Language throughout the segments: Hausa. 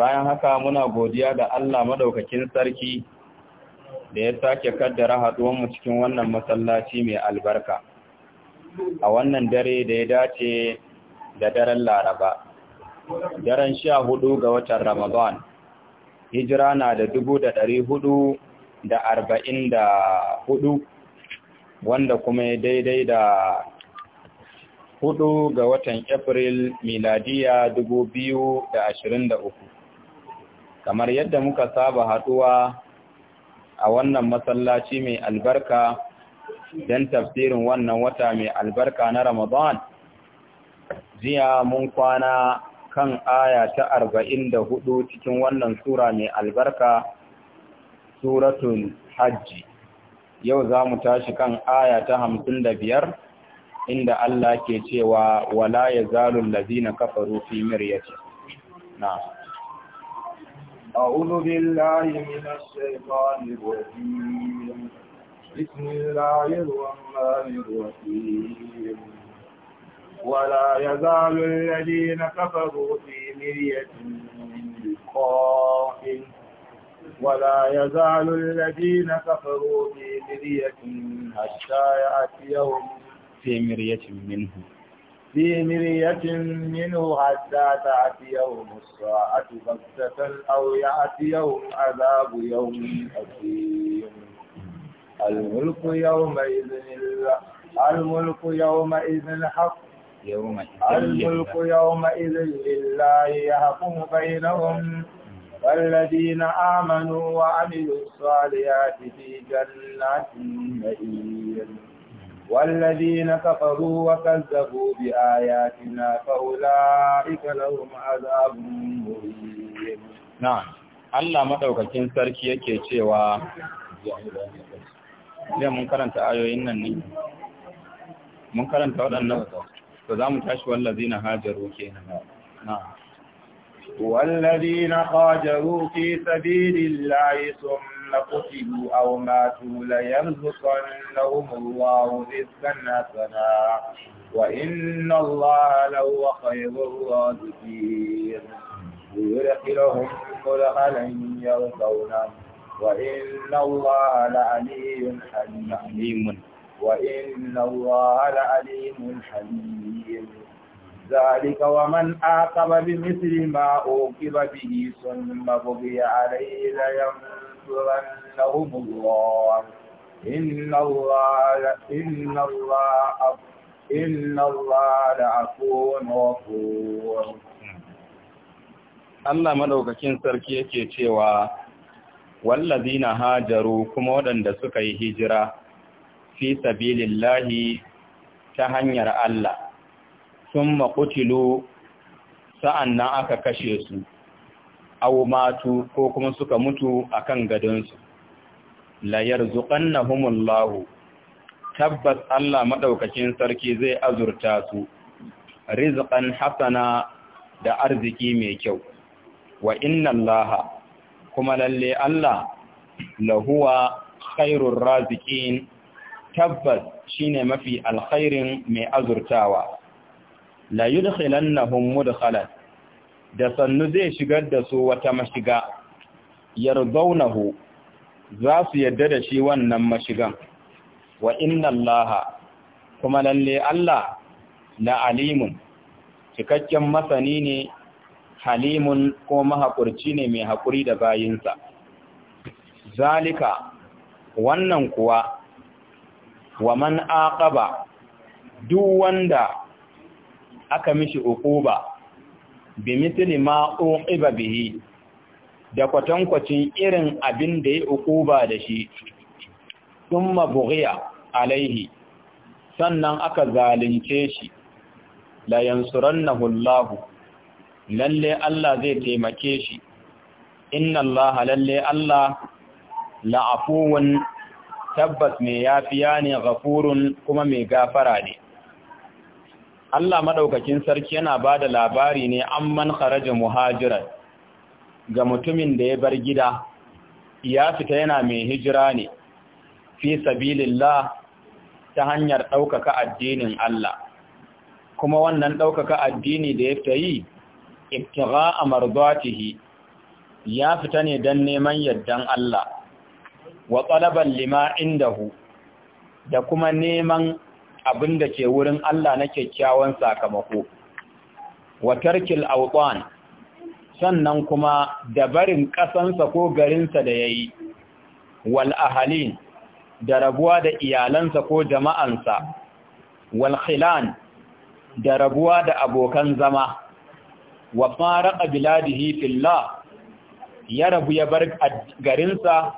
bayan haka muna godiya da Allah madaukakin sarki da ya sake kaddara haduwanmu cikin wannan masallaci mai albarka a wannan dare da ya dace da daren laraba daren sha hudu ga watan ramadan hijira na da dubu da ɗari hudu da arba'in da hudu wanda kuma ya daidai da hudu ga watan april miladiya dubu biyu da ashirin da uku kamar yadda muka saba haduwa a wannan masallaci mai albarka don tafsirin wannan wata mai albarka na Ramadan jiya mun kwana kan aya ta arba'in hudu cikin wannan sura mai albarka suratul hajji yau za mu tashi kan aya ta hamsin da biyar inda Allah ke cewa wala ya zalun lazina kafaru fi miryati na'am أعوذ بالله من الشيطان الرجيم بسم الله الرحمن الرحيم ولا يزال الذين كفروا في مرية من لقائه ولا يزال الذين كفروا في مرية حتى يأتيهم في مرية منه في مرية منه حتى تأتي يوم الساعة بغتة أو يأتي يوم عذاب يوم أكيم الملك يومئذ الملك يومئذ الحق الملك يومئذ لله يحكم بينهم والذين آمنوا وعملوا الصالحات في جنات النعيم والذين كفروا وكذبوا بآياتنا فأولئك لهم عذاب مهين نعم Allah madaukakin sarki yake cewa zai mun karanta ayoyin nan ne mun karanta waɗannan to za mu tashi wallazina hajaru kenan na'am wallazina hajaru قتلوا أو ماتوا ليرزقنهم الله رزقا حسنا وإن الله لهو خير الرازقين ويدخلهم مدخلا يرضونه وإن الله لعلي حليم وإن الله لعليم حليم ذلك ومن عاقب بمثل ما أوكب به ثم بغي عليه لينصر يبلغنهم الله Allah madaukakin sarki yake cewa na hajaru kuma waɗanda suka yi hijira fi sabilillahi ta hanyar Allah sun maƙutilu sa'an aka kashe su Aumatu matu ko kuma suka mutu akan gadonsu la yarzuqannahumullahu tabbas Allah maɗaukacin sarki zai azurta su rizqan hasana da arziki mai kyau wa inna Allah kuma lalle Allah lahuwa khairur raziqin tabbas shine mafi alkhairin mai azurtawa la yudkhilannahum mudkhalan da sannu zai shigar da su wata mashiga yarzaunahu za su yadda da shi wannan mashigan wa inna allaha kuma lalle Allah na alimun cikakken masani ne halimun ko mahaƙurci ne mai haƙuri da bayinsa zalika wannan kuwa wa man aqaba duk wanda aka mishi uquba bi misli ma uqiba bihi da kwatankwacin irin abin da ya uquba da shi thumma bughiya alaihi sannan aka zalunce shi la yansurannahu Allah lalle Allah zai taimake shi inna Allah lalle Allah la'afuwun tabbas mai yafiya ne ghafurun kuma mai gafara ne Allah madaukakin sarki yana ba da labari ne an man kharaja muhajiran ga mutumin da ya bar gida ya fita yana mai hijira ne fi sabilillah ta hanyar ɗaukaka addinin Allah kuma wannan ɗaukaka addini da ya fita yi ibtigha amardatihi ya fita ne don neman yaddan Allah wa talaban lima indahu da kuma neman abin da ke wurin Allah na kyakkyawan sakamako wa tarkil awqan sannan kuma da barin ƙasansa ko garinsa da yayi wal ahalin da rabuwa da iyalansa ko jama'ansa wal da rabuwa da abokan zama wa da biladihi fillah ya rabu ya bar garinsa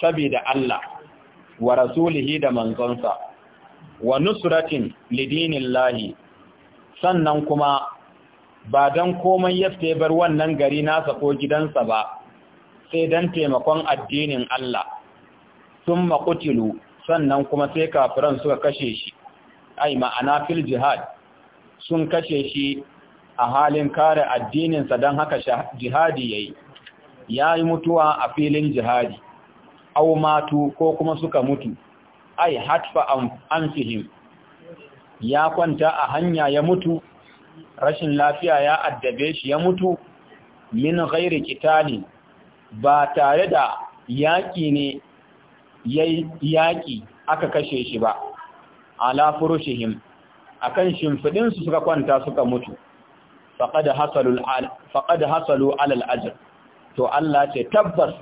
sabida Allah wa rasulihi da manzonsa wa nusratin lidinillahi sannan kuma ba don komai ya bar wannan gari nasa ko gidansa ba sai don taimakon addinin Allah sun makutilu sannan kuma sai kafiran suka kashe shi ai ma'ana fil jihad sun kashe shi a halin kare addininsa don haka jihadi ya yi ya yi mutuwa a filin jihadi au matu ko kuma suka mutu ai hatfa amfihim ya kwanta a hanya ya mutu rashin lafiya ya addabe shi ya mutu min ghairi kitali ba tare da yaƙi ne yayi yaƙi aka kashe shi ba ala furushihim akan shimfidin su suka kwanta suka mutu faqad hasalu faqad hasalu ala al-ajr to Allah ce tabbas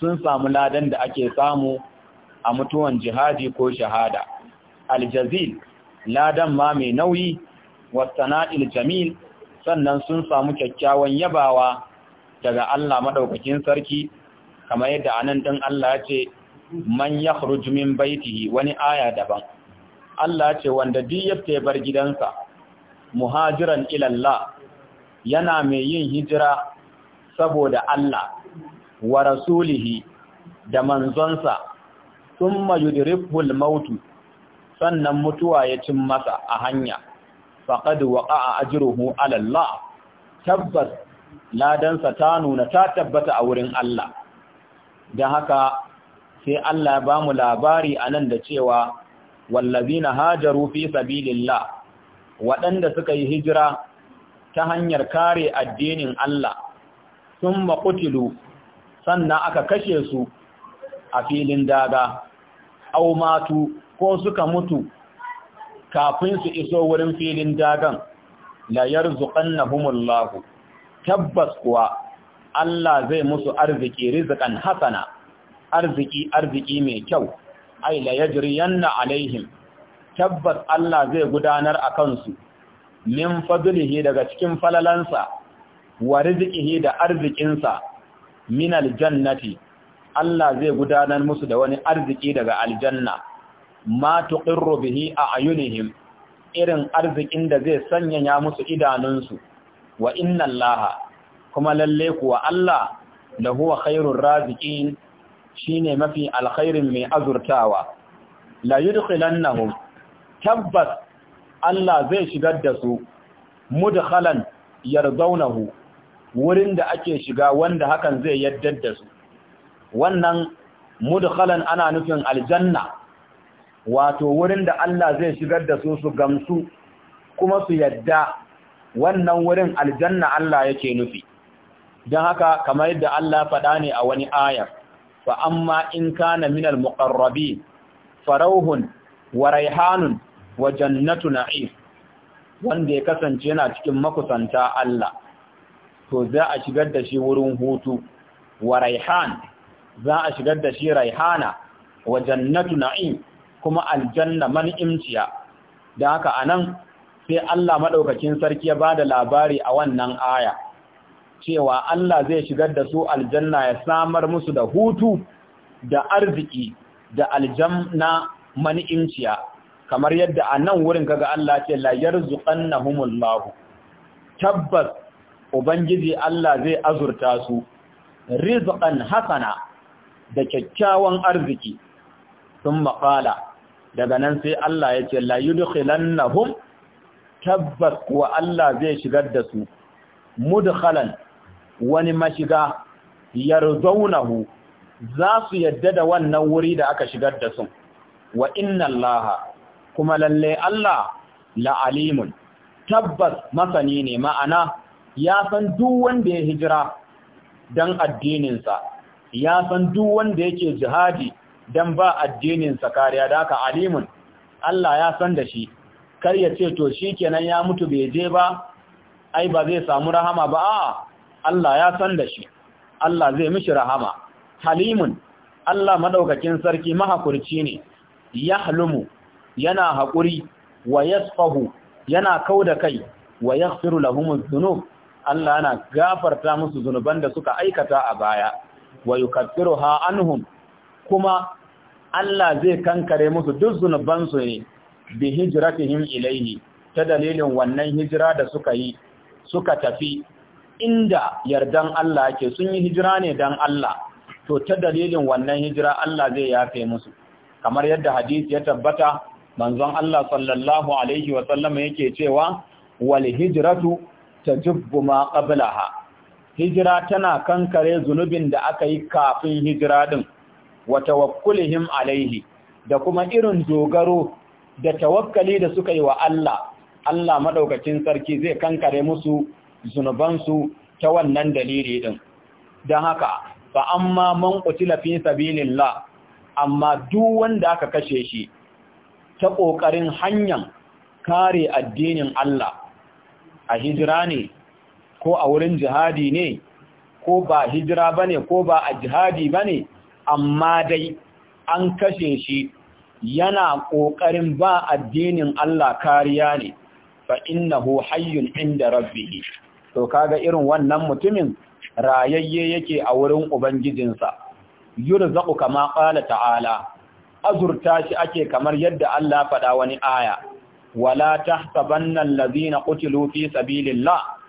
sun samu ladan da ake samu a mutuwan jihadi ko shahada aljazil ladan ma mai nauyi Sana'il jamil sannan sun samu kyakkyawan yabawa daga Allah maɗaukakin sarki kamar yadda anan din Allah ya ce man yakhruj min baitihi wani aya daban Allah ce wanda duk ya bar gidansa muhajiran ila yana mai yin hijira saboda Allah wa rasulihi da manzonsa thumma yudrikul mautu sannan mutuwa ya cin masa a hanya faqad waqa'a ajruhu 'ala Allah tabbas ladansa ta nuna ta tabbata a wurin Allah Da haka sai Allah ba mu labari nan da cewa na hajaru fi sabilillah waɗanda suka yi hijira ta hanyar kare addinin Allah sun Kutulu sannan aka kashe su a filin daga au matu ko suka mutu kafin su iso wurin filin dagan la yarzuqannahumullahu tabbas kuwa Allah zai musu arziki rizikan hasana arziki arziki mai kyau ai la Yanna alaihim tabbas Allah zai gudanar a kansu min fadlihi daga cikin falalansa wa rizqihi da arzikinsa min aljannati Allah zai gudanar musu da wani arziki daga aljanna ma tuqirru bihi a ayunihim irin arzikin da zai sanyaya musu idanunsu wa inna Allah kuma lalle kuwa Allah lahu khairur raziqin shine mafi alkhairin mai azurtawa la yudkhilannahum tabbas Allah zai shigar da su mudkhalan yardawnahu wurin da ake shiga wanda hakan zai yaddar da su wannan mudkhalan ana nufin aljanna wato wurin da Allah zai shigar da su su gamsu kuma su yadda wannan wurin aljanna Allah yake nufi don haka kamar yadda Allah faɗa ne a wani ayar fa amma in kana minal muqarrabin farauhun wa raihanun wa jannatu na'im wanda ya kasance yana cikin makusanta Allah to za a shigar da shi wurin hutu wa za a shigar da shi raihana wa jannatu na'im kuma aljanna imtiya da haka anan sai Allah madaukakin sarki ya bada labari a wannan aya cewa Allah zai shigar da su aljanna ya samar musu da hutu da arziki da aljanna imtiya kamar yadda a nan wurin kaga Allah ce la yarzuqannahumullahu tabbas ubangiji Allah zai azurta su rizqan hasana da kyakkyawan arziki sun maƙala daga nan sai Allah ya ce la yudkhilannahum tabbas kuwa Allah zai shigar da su mudkhalan wani mashiga yarzaunahu za su yadda da wannan wuri da aka shigar da su wa inna Allah kuma lalle Allah la'alimun tabbas masani ne ma'ana ya san duk wanda ya hijira dan addininsa ya san duk wanda yake jihadi dan ba addinin sa kariya da haka alimun Allah ya san da shi kar ya ce to shikenan ya mutu bai je ba ai ba zai samu rahama ba a'a Allah ya san da shi Allah zai mishi rahama halimun Allah madaukakin sarki mahakurci ne yahlumu yana haƙuri wa yasfahu yana kauda kai wa yaghfiru lahum dhunub Allah yana gafarta musu zunuban da suka aikata a baya wa ha anhum kuma Allah zai kankare musu duk zunubansu ne bi hijratihim ilayhi ta dalilin wannan hijira da suka yi suka tafi inda yardan Allah yake sun yi hijira ne dan Allah to ta dalilin wannan hijira Allah zai yafe musu kamar yadda hadisi ya tabbata manzon Allah sallallahu alaihi wa sallam yake cewa wal hijratu tajubbu ma qablaha hijira tana kankare zunubin da aka yi kafin hijira din wa tawakkulihim alaihi da kuma irin dogaro da tawakkali da suka yi wa Allah Allah maɗaukacin sarki zai kankare musu zunubansu ta wannan dalili din don haka fa amma man qutila fi sabilillah amma duk wanda aka kashe shi ta ƙoƙarin hanyar kare addinin Allah a hijira ne ko a wurin jihadi ne ko ba hijira bane ko ba a jihadi bane amma dai an kashe shi yana ƙoƙarin ba addinin Allah kariya ne fa innahu hayyun inda rabbihi to kaga irin wannan mutumin rayayye yake a wurin ubangijinsa yurzaqu kama qala ta'ala azurta shi ake kamar yadda Allah faɗa wani aya wala tahsabanna allazina qutilu fi sabilillah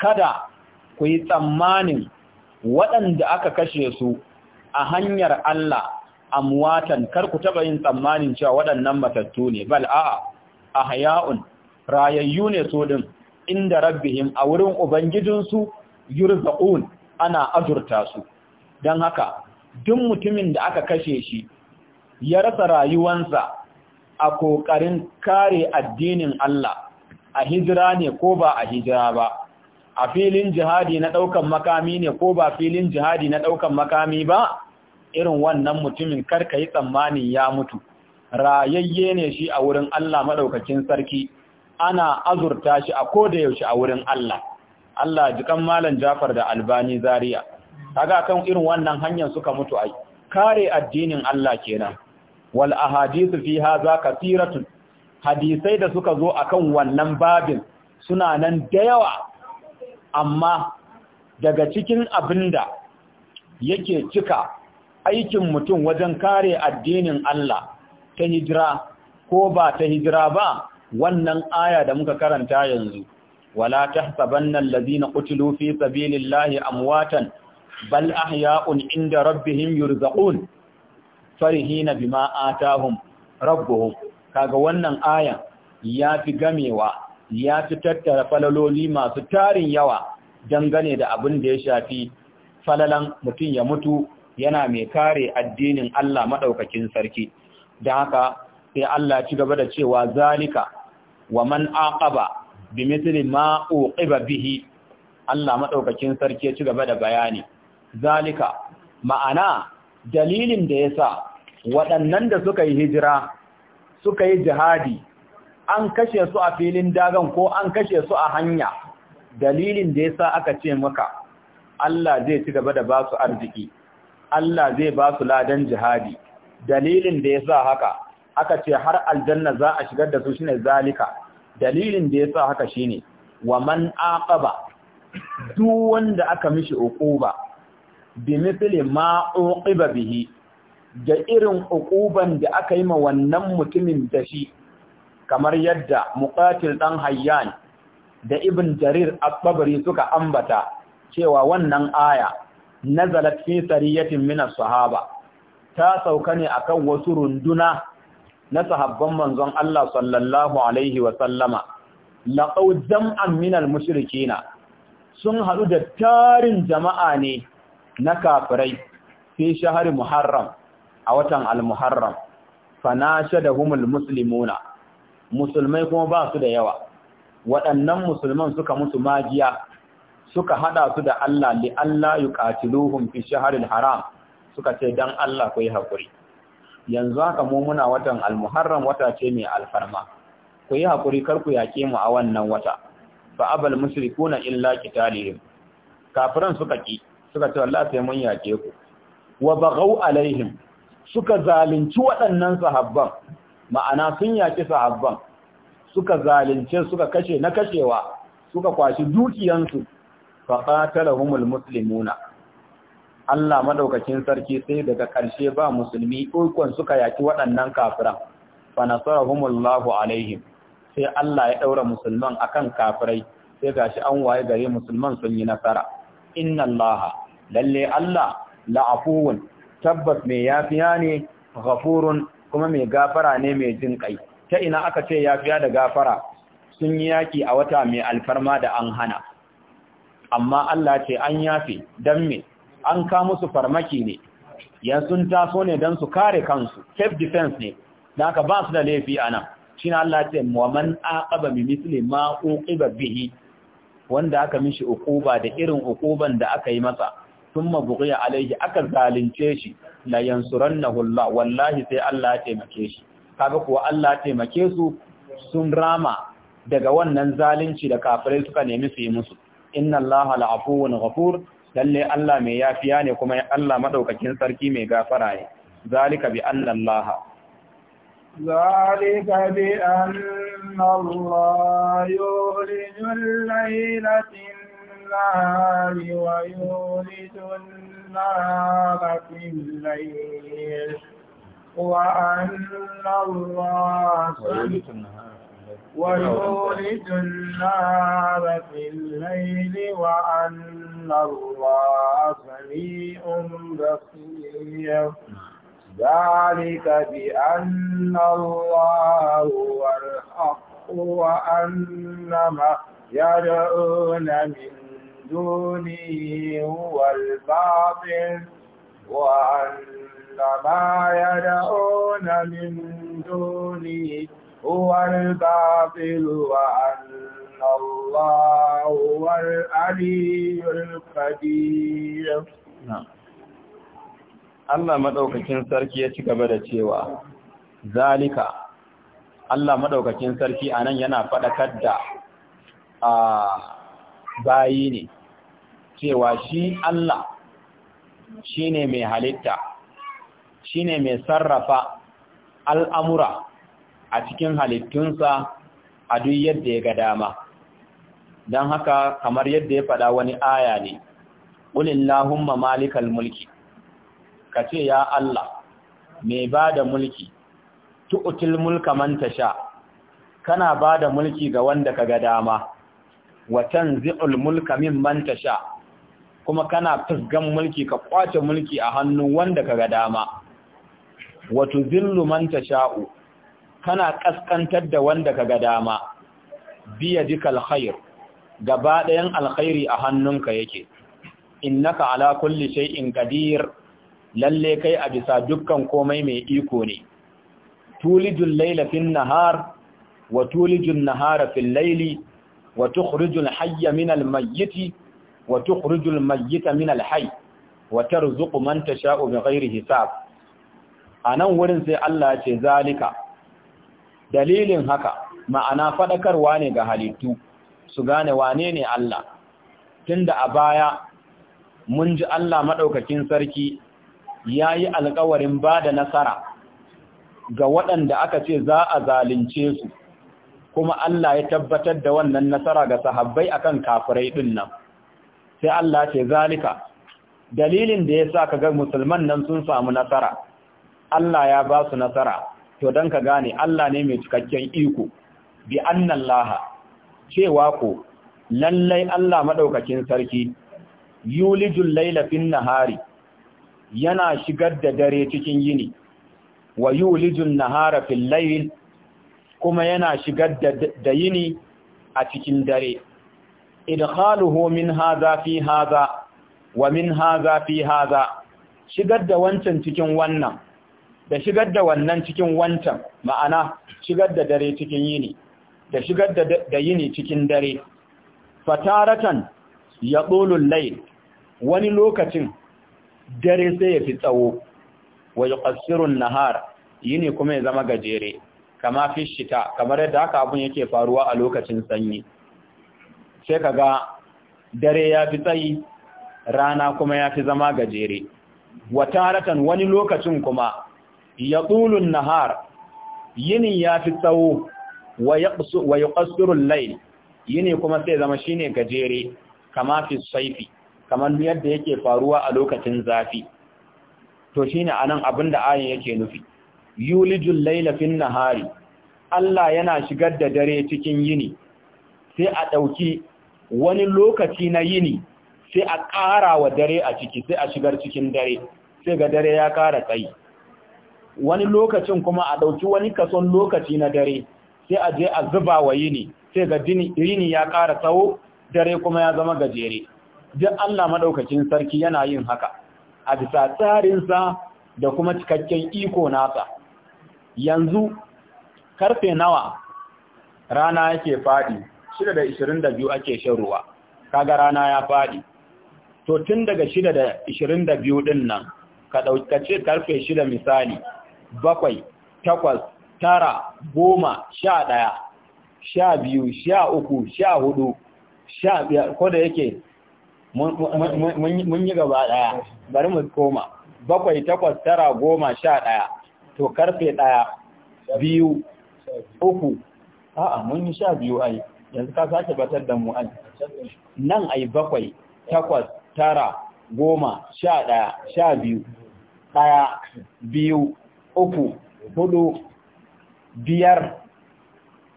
kada ku yi tsammanin waɗanda aka kashe su a hanyar Allah a muwatan kar ku taɓa yin tsammanin cewa waɗannan matattu ne bal a'a haya'un, rayayyu ne su ɗin, inda rabbihim a wurin ubangijinsu yurzaƙun ana azurta su don haka duk mutumin da aka kashe shi ya rasa rayuwansa a ƙoƙarin kare addinin Allah a hijira ne ko ba a hijira ba a filin jihadi na ɗaukan makami ne ko ba filin jihadi na ɗaukan makami ba irin wannan mutumin karka yi tsammanin ya mutu rayayye ne shi a wurin Allah maɗaukakin sarki ana azurta shi a koda yaushe a wurin Allah Allah jikan malam Jafar da Albani Zaria kaga kan irin wannan hanyar suka mutu ai kare addinin Allah kenan wal ahadithu fi hadha kathiratun hadisai da suka zo akan wannan babin suna nan da yawa amma daga cikin abinda yake cika aikin mutum wajen kare addinin Allah ta hijira ko ba ta hijira ba wannan aya da muka karanta yanzu wala tahsabanna allazina qutilu fi sabilillahi amwatan bal ahya'un inda rabbihim yurzaqun farihina bima atahum rabbuhum kaga wannan aya fi gamewa ya ci tattara falaloli masu tarin yawa gane da abin da ya shafi falalan mutum ya mutu yana mai kare addinin Allah maɗaukakin sarki. Da haka sai Allah ci gaba da cewa zalika wa man aqaba bi mithli ma uqiba bihi Allah maɗaukakin sarki ya ci gaba da bayani. Zalika ma'ana dalilin da ya sa waɗannan da suka yi hijira suka yi jihadi an kashe su a filin dagan ko an kashe su a hanya dalilin da yasa aka ce maka Allah zai ci gaba da ba su arziki Allah zai ba su ladan jihadi dalilin da yasa haka aka ce har aljanna za a shigar da su shine zalika dalilin da yasa haka shine wa man aqaba duk wanda aka mishi uquba bi mithli ma uqiba bihi da irin uquban da aka yi ma wannan mutumin da shi kamar yadda muqatil ɗan hayyan da ibn jarir at-tabari suka ambata cewa wannan aya nazalat fi sariyatin min as-sahaba ta sauka ne akan wasu runduna na sahabban manzon Allah sallallahu alaihi wa sallama jam'an min al sun hadu da tarin jama'a ne na kafirai fi shahar muharram a watan al-muharram humul muslimuna musulmai kuma ba su da yawa waɗannan musulman suka mutu magiya suka hada su da Allah li Allah yuqatiluhum fi shahril haram suka ce dan Allah ku yi hakuri yanzu haka mu muna watan al-muharram wata ce mai alfarma ku yi hakuri kar ku yake mu a wannan wata fa abal mushrikuna illa qitalihim kafiran suka ki suka ce wallahi sai mun yake ku wa baghaw alaihim suka zalunci waɗannan sahabban ma'ana sun yaƙi sahabban suka zalunce suka kashe na kashewa suka kwashi dukiyansu faqatalahumul muslimuna Allah madaukakin sarki sai daga ƙarshe ba musulmi ukun suka yaki waɗannan kafiran fa nasarahumullahu alaihim sai Allah ya daura musulman akan kafirai sai gashi an waye gare musulman sun yi nasara inna Allah lalle Allah la'afuwun tabbas mai yafiya ne ghafurun kuma mai gafara ne mai jin kai ta ina aka ce yafiya da gafara sun yi yaki a wata mai alfarma da an hana amma Allah ce an yafe dan me an ka musu farmaki ne yanzu taso ne dan su kare kansu self defense ne dan ka ba su da laifi a shi Shin Allah ce wa man aqaba bi misli ma uqiba bihi wanda aka mishi uquba da irin uquban da aka yi masa thumma bughiya alaihi aka zalunce shi na yansuran na hula wallahi sai Allah ya taimake shi kaga kuwa Allah ya taimake su sun rama daga wannan zalunci da kafirai suka nemi su yi musu inna Allah la'afuwun ghafur lalle Allah mai yafiya ne kuma Allah madaukakin sarki mai gafara ne zalika bi anna Allah ذلك بأن الله يولج الليل في النهار ويولد النهار في الليل وأن الله ويولد ويولد النار في الليل وأن الله سميع بصير ذلك بأن الله هو الحق وأن ما يدعون من دونه هو الباطل وأن ما يدعون من دونه هو الباطل وأن الله هو العلي القدير Allah maɗaukakin sarki ya ci gaba da cewa, Zalika, Allah maɗaukakin sarki a nan yana faɗakar da a bayi ne, cewa shi Allah shi ne mai halitta shi ne mai sarrafa al'amura a cikin halittunsa a duk yadda ya ga dama don haka kamar yadda ya faɗa wani aya ne ƙulin lahumma malikal mulki ka ce ya Allah mai ba da mulki tu'utul mulka manta sha. kana ba da mulki ga wanda ka ga dama wa tanzi'ul mulka min manta sha. kuma kana fuskan mulki ka kwace mulki a hannun wanda ka ga dama wato zillu man tasha'u kana kaskantar da wanda ka ga dama biya jikal khair gaba ɗayan alkhairi a hannunka yake innaka ala kulli shay'in qadir lalle kai a bisa dukkan komai mai iko ne tulijul layla fin nahar wa tulijun nahara fil layli wa tukhrijul hayya minal mayyiti wa tukhrijul mayyita min al-hayy wa tarzuqu man tasha'u hisab anan wurin sai Allah ya ce zalika dalilin haka ma'ana fadakarwa ne ga halittu su gane wane ne Allah tunda a baya mun ji Allah madaukakin sarki yayi alƙawarin bada nasara ga waɗanda aka ce za a zalunce su kuma Allah ya tabbatar da wannan nasara ga sahabbai akan kafirai dinnan. nan. sai Allah ce zalika dalilin da ya sa ka ga musulman nan sun samu nasara Allah ya ba su nasara to don ka gane Allah ne mai cikakken iko bi laha. cewa ko lallai Allah madaukakin sarki yulijul laila nahari yana shigar da dare cikin yini wa yulijun nahara fil layl kuma yana shigar da yini a cikin dare idkhaluhu min hadha fi hadha wa min hadha fi hadha shigar da wancan cikin wannan da shigar da wannan cikin wancan ma'ana shigar da dare cikin yini da shigar da yini cikin dare fataratan ya tsolul layl wani lokacin dare sai ya fi tsawo wa yuqassirun nahar yini kuma ya zama gajere kama fi shita kamar yadda haka abun yake faruwa a lokacin sanyi sai ga dare ya fi tsayi rana kuma ya fi zama gajere wataratan wani lokacin kuma ya tsulun nahar yini ya fi tsawo wa ya ƙasirun lai yini kuma sai zama shine gajere kama fi saifi kamar yadda yake faruwa a lokacin zafi to shine anan abin da ayin yake nufi Yuli laila nahari Allah yana shigar da dare cikin yini sai a ɗauki wani lokaci na yini sai a ƙara wa dare a ciki sai a shigar cikin dare sai ga dare ya ƙara tsayi wani lokacin kuma a ɗauki wani kason lokaci na dare sai a je a zuba wa yini sai ga yini ya ƙara tsawo dare kuma ya zama gajere duk Allah maɗaukacin sarki yana yin haka a bisa tsarinsa da kuma cikakken iko nasa yanzu karfe nawa rana yake faɗi shida da ishirin da biyu ake shan ruwa kaga rana ya faɗi to tun daga shida da ishirin da biyu ɗin nan ka ɗaukace karfe shida misali bakwai takwas tara goma sha ɗaya sha biyu sha uku sha hudu sha biyar ko da yake mun yi gaba ɗaya bari mu koma bakwai takwas tara goma sha ɗaya to karfe ɗaya biyu uku a'a mun yi sha biyu ai yanzu ka sake batar da mu an nan yi bakwai takwas tara goma sha ɗaya sha biyu ɗaya biyu uku hudu biyar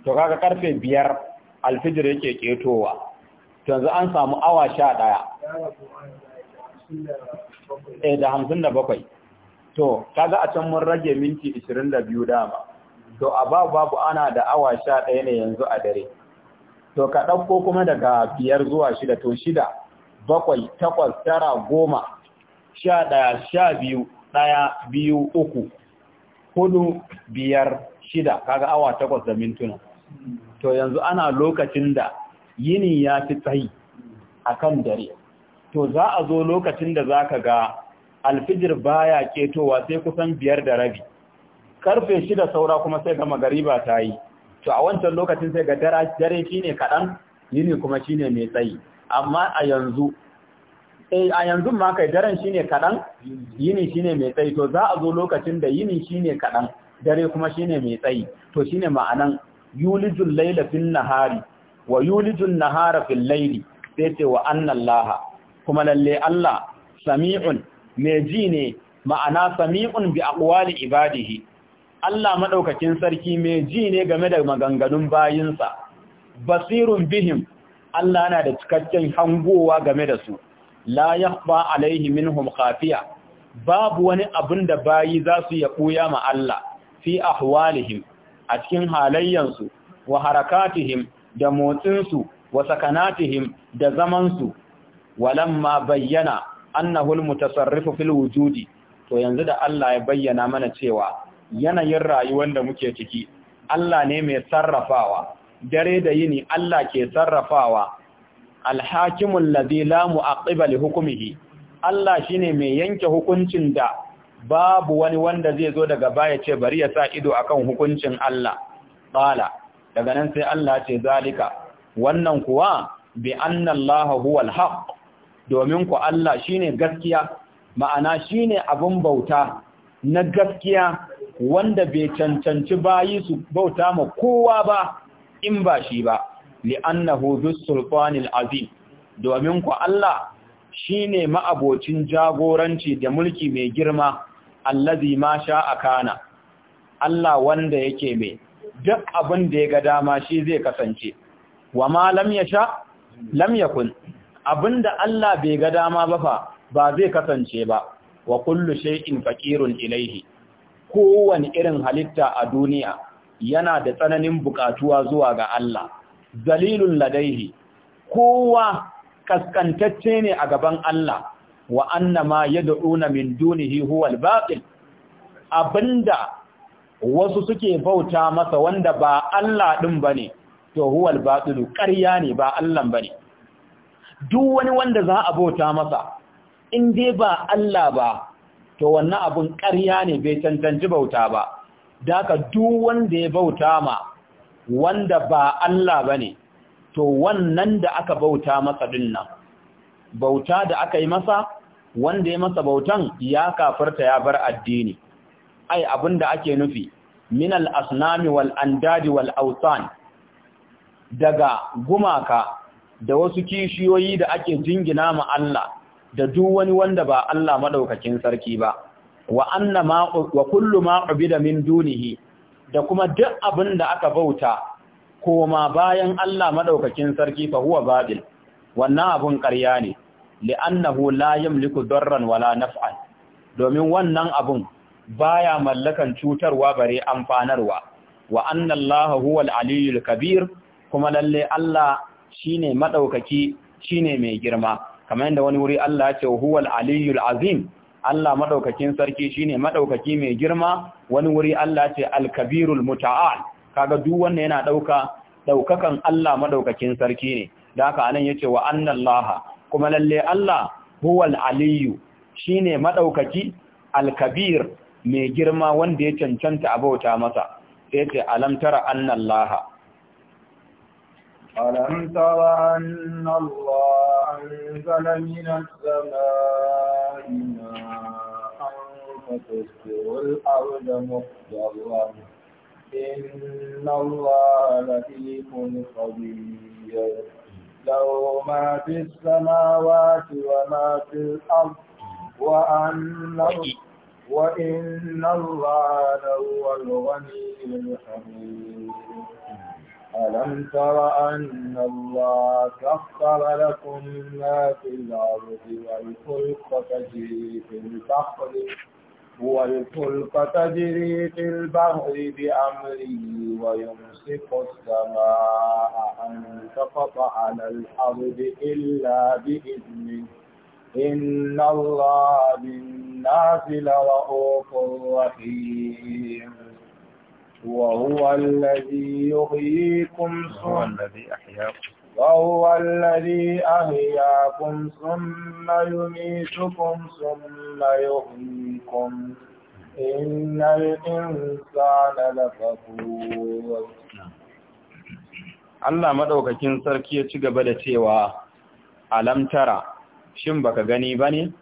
to kaga karfe biyar alfijir yake ketowa yanzu an samu awa sha ɗaya e da hamsin da bakwai to kaga a can mun rage minti ishirin da biyu dama to a babu babu ana da awa sha ɗaya ne yanzu a dare to ka ɗauko kuma daga biyar zuwa shida to shida bakwai takwas tara goma sha ɗaya sha biyu ɗaya biyu uku hudu biyar shida kaga awa takwas da mintuna to yanzu ana lokacin da yini ya fi tsayi a kan dare to za a zo lokacin da za ka ga alfijir baya ketowa sai kusan biyar da rabi karfe shida saura kuma sai gari magariba ta yi to a wancan lokacin sai ga dare shine kaɗan yini kuma shine mai tsayi amma a yanzu eh a yanzu ma kai daren shine kaɗan yini shine mai tsayi to za a zo lokacin da yini shine kaɗan dare kuma shine mai tsayi to shine ma'anan yulijul laila fil nahari wa yulijul nahara fil laili sai ce wa laha. kuma lalle Allah sami'un mai ji ne ma'ana sami'un bi aqwali ibadihi Allah maɗaukakin sarki mai ji ne game da maganganun bayinsa, basirun bihim, Allah na da cikakken hangowa game da su, la ya ba alaihi minhum khafiya, babu wani abin da bayi za su ya ɓuya ma Allah fi ahwalihim a cikin halayyansu, wa harakatihim da motsinsu, wa sakanatihim da zamansu, walamma bayyana annahul mutasarrifu fil wujudi, to yanzu da Allah ya bayyana mana cewa yanayin rayuwar da muke ciki Allah ne mai sarrafawa dare da yini Allah ke sarrafawa alhakimul ladhi la mu'aqqiba li hukmihi Allah shine mai yanke hukuncin da babu wani wanda zai zo daga baya ce bari ya sa ido akan hukuncin Allah qala daga nan sai Allah ce zalika wannan kuwa bi anna Allah huwal haqq domin ku Allah shine gaskiya ma'ana shine abun bauta na gaskiya wanda bai cancanci bayi su bauta ma kowa ba in ba shi ba li'annahu dhus sultanil azim domin ku Allah shine ma'abocin jagoranci da mulki mai girma allazi ma sha'a kana Allah wanda yake mai duk abin da ya ga dama shi zai kasance wa ma lam yasha lam yakun abinda Allah bai ga dama ba fa ba zai kasance ba wa kullu shay'in faqirun ilayhi kowane irin halitta a duniya yana da tsananin bukatuwa zuwa ga Allah Dalilun ladaihi kowa kaskantacce ne a gaban Allah wa annama da'una min dunihi huwal batil abinda wasu suke bauta masa wanda ba Allah ɗin ba ne, to huwal baɗulu karya ne ba Allah ba ne. Duk wani wanda za a bauta masa, in dai ba Allah ba, to wannan abun ƙarya ne bai cancanci bauta ba daka duk wanda ya bauta ma wanda ba Allah bane to wannan da aka bauta masa dinnan bauta da aka yi masa wanda ya masa bautan ya kafarta ya bar addini ai da ake nufi min al andadiwal wal daga gumaka da wasu kishiyoyi da ake jingina ma Allah da duk wani wanda ba Allah maɗaukakin sarki ba wa anna ma wa min dunihi da kuma duk abin da aka bauta koma bayan Allah maɗaukakin sarki fa huwa babil wannan abun ƙarya ne li'annahu la liku darran wala naf'an domin wannan abun baya mallakan cutarwa bare amfanarwa wa anna Allah huwa kabir kuma lalle Allah maɗaukaki, shi shine mai girma kamar yadda wani wuri Allah ya ce huwal aliyul azim Allah madaukakin sarki shine madaukaki mai girma wani wuri Allah ce al-kabirul muta'al kaga duk wanda yana dauka daukakan Allah madaukakin sarki ne da haka anan yace wa annallaha kuma lalle Allah huwal aliyu shine madaukaki al-kabir mai girma wanda ya cancanta abauta masa sai ce alam tara annallaha alam tara annallaha أنزل من السماء ماء فتصبح الأرض مخضرا إن الله لطيف خبير له ما في السماوات وما في الأرض وأن وإن الله لهو الغني الحميد ألم تر أن الله سخر لكم ما في الأرض والفلك تجري في البحر والفلك تجري في البحر بأمره ويمسك السماء أن تقطع على الأرض إلا بإذنه إن الله بالناس لرؤوف رحيم وهو الذي يحييكم هو الذي أحياكم وهو الذي أحياكم ثم يميتكم ثم يحييكم إن الإنسان لكفور Allah madaukakin sarki ya ci gaba da cewa alam tara shin baka gani bane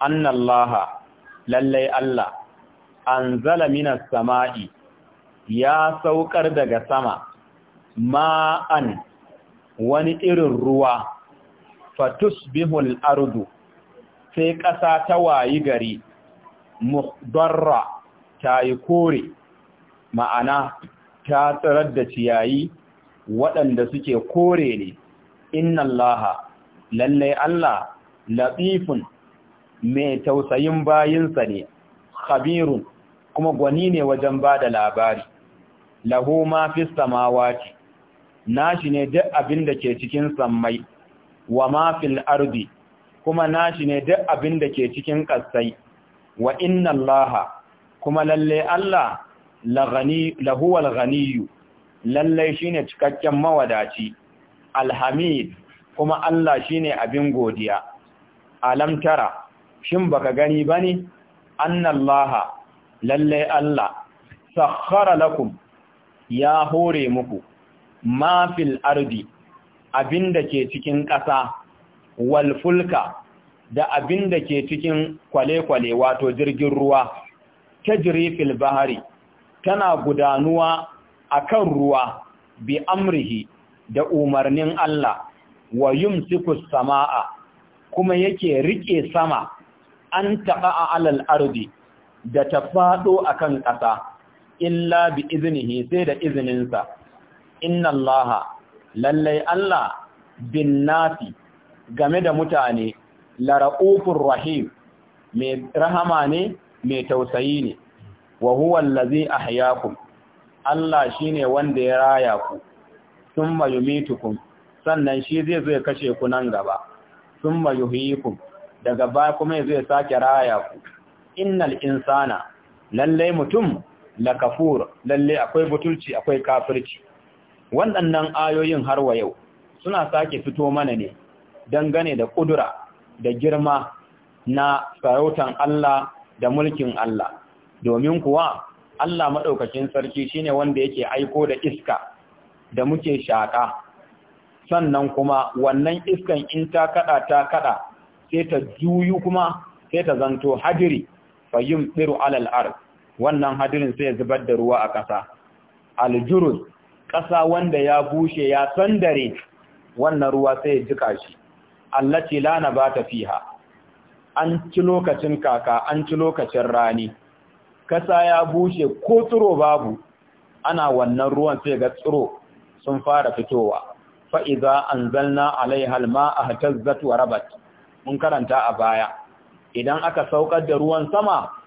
annallaha lallai Allah anzala minas sama'i ya saukar daga sama ma'an wani irin ruwa Fatus fatusbihul ardu sai ƙasa ta wayi gari muhdarra ta yi kore ma'ana ta tsirar da ciyayi waɗanda suke kore ne inna allaha lallai allah latifun mai tausayin bayinsa ne khabirun kuma gwani ne wajen ba da labari lahu ma fi samawati nashi ne duk abin da ke cikin sammai wa ma fil ardi kuma nashi ne duk abin da ke cikin ƙasai wa inna allaha kuma lalle Allah Lahu lahuwal ghaniyu lalle shine cikakken mawadaci alhamid kuma Allah shine abin godiya alam tara shin baka gani bane anna allaha lalle Allah sakhara lakum ya hore muku ma fil ardi abinda ke cikin ƙasa wal fulka da abinda ke cikin kwale-kwale wato jirgin ruwa tajri fil bahari tana gudanuwa kan ruwa bi amrihi da umarnin Allah wa yumsiku samaa kuma yake riƙe sama an taɓa a alal ardi da ta faɗo a kan ƙasa illa bi iznihi sai da izininsa inna allaha lallai allah bin nafi game da mutane ra'ufur rahim mai rahama ne mai tausayi ne wa huwa allazi ahyaakum allah shine wanda ya raya ku thumma yumitukum sannan shi zai zo ya kashe ku nan gaba thumma yuhyikum daga ba kuma zai sake raya ku innal insana lallai mutum la kafur lalle akwai butulci akwai kafirci waɗannan ayoyin har wa yau suna sake fito mana ne dangane da kudura da girma na sarautan Allah da mulkin Allah domin kuwa Allah maɗaukakin sarki shine wanda yake aiko da iska da muke shaƙa sannan kuma wannan iskan in ta kaɗa ta kaɗa sai ta juyu kuma sai ta zanto hadiri fayyum biru alal ard wannan hadirin sai ya zubar da ruwa a ƙasa aljurus ƙasa wanda ya bushe ya sandare wannan ruwa sai ya jika shi Lana ba ta fiha an ci lokacin kaka an ci lokacin rani ƙasa ya bushe ko tsiro babu ana wannan ruwan sai ga tsiro sun fara fitowa fa'iza an zalna alaihal a hatar zatuwa rabat mun karanta a baya idan aka saukar da ruwan sama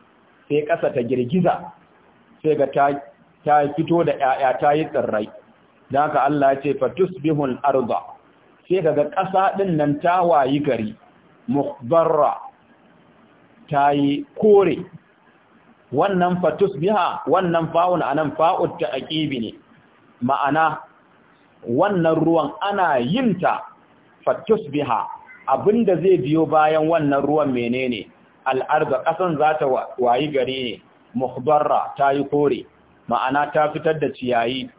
sai ƙasa ta girgiza sai ga ta fito da ‘ya'ya ta yi tsirrai da haka Allah ce fa bihun arza sai ga ƙasa ɗin nan ta wayi gari mubarra. ta yi kore wannan fatus wannan fa'un anan nan ta'qibi aƙibi ne ma'ana wannan ruwan ana yinta fa tusbiha. abinda zai biyo bayan wannan ruwan menene al’arza ƙasan za ta wayi gare ne muhbarra ta yi kore ma'ana ta fitar da ciyayi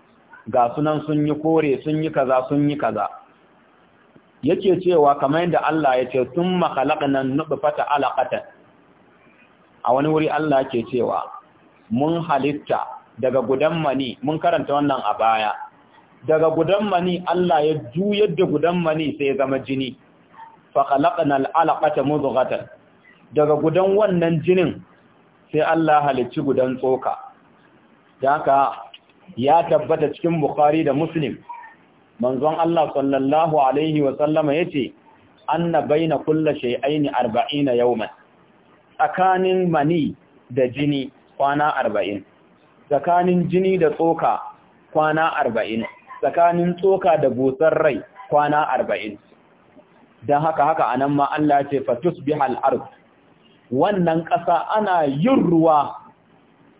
ga sunan sun yi kore sun yi kaza sun yi kaza yake cewa kamar yadda Allah ya ce sun makalakanan nufata alaƙatan a wani wuri Allah ke cewa mun halitta daga gudan mani mun karanta wannan a baya daga gudan mani Allah ya juyar da gudan mani sai ya zama jini fakalakanan alaƙata muzughatan daga gudan wannan jinin sai Allah halicci gudan tsoka da ya tabbata cikin Bukhari da Muslim manzon Allah sallallahu alaihi wa sallama yace anna baina kulli shay'aini 40 yawman tsakanin mani da jini kwana 40 tsakanin jini da tsoka kwana arba'in, tsakanin tsoka da busar rai kwana arba'in don haka haka a ma Allah ce fatus bihal wannan ƙasa ana yin ruwa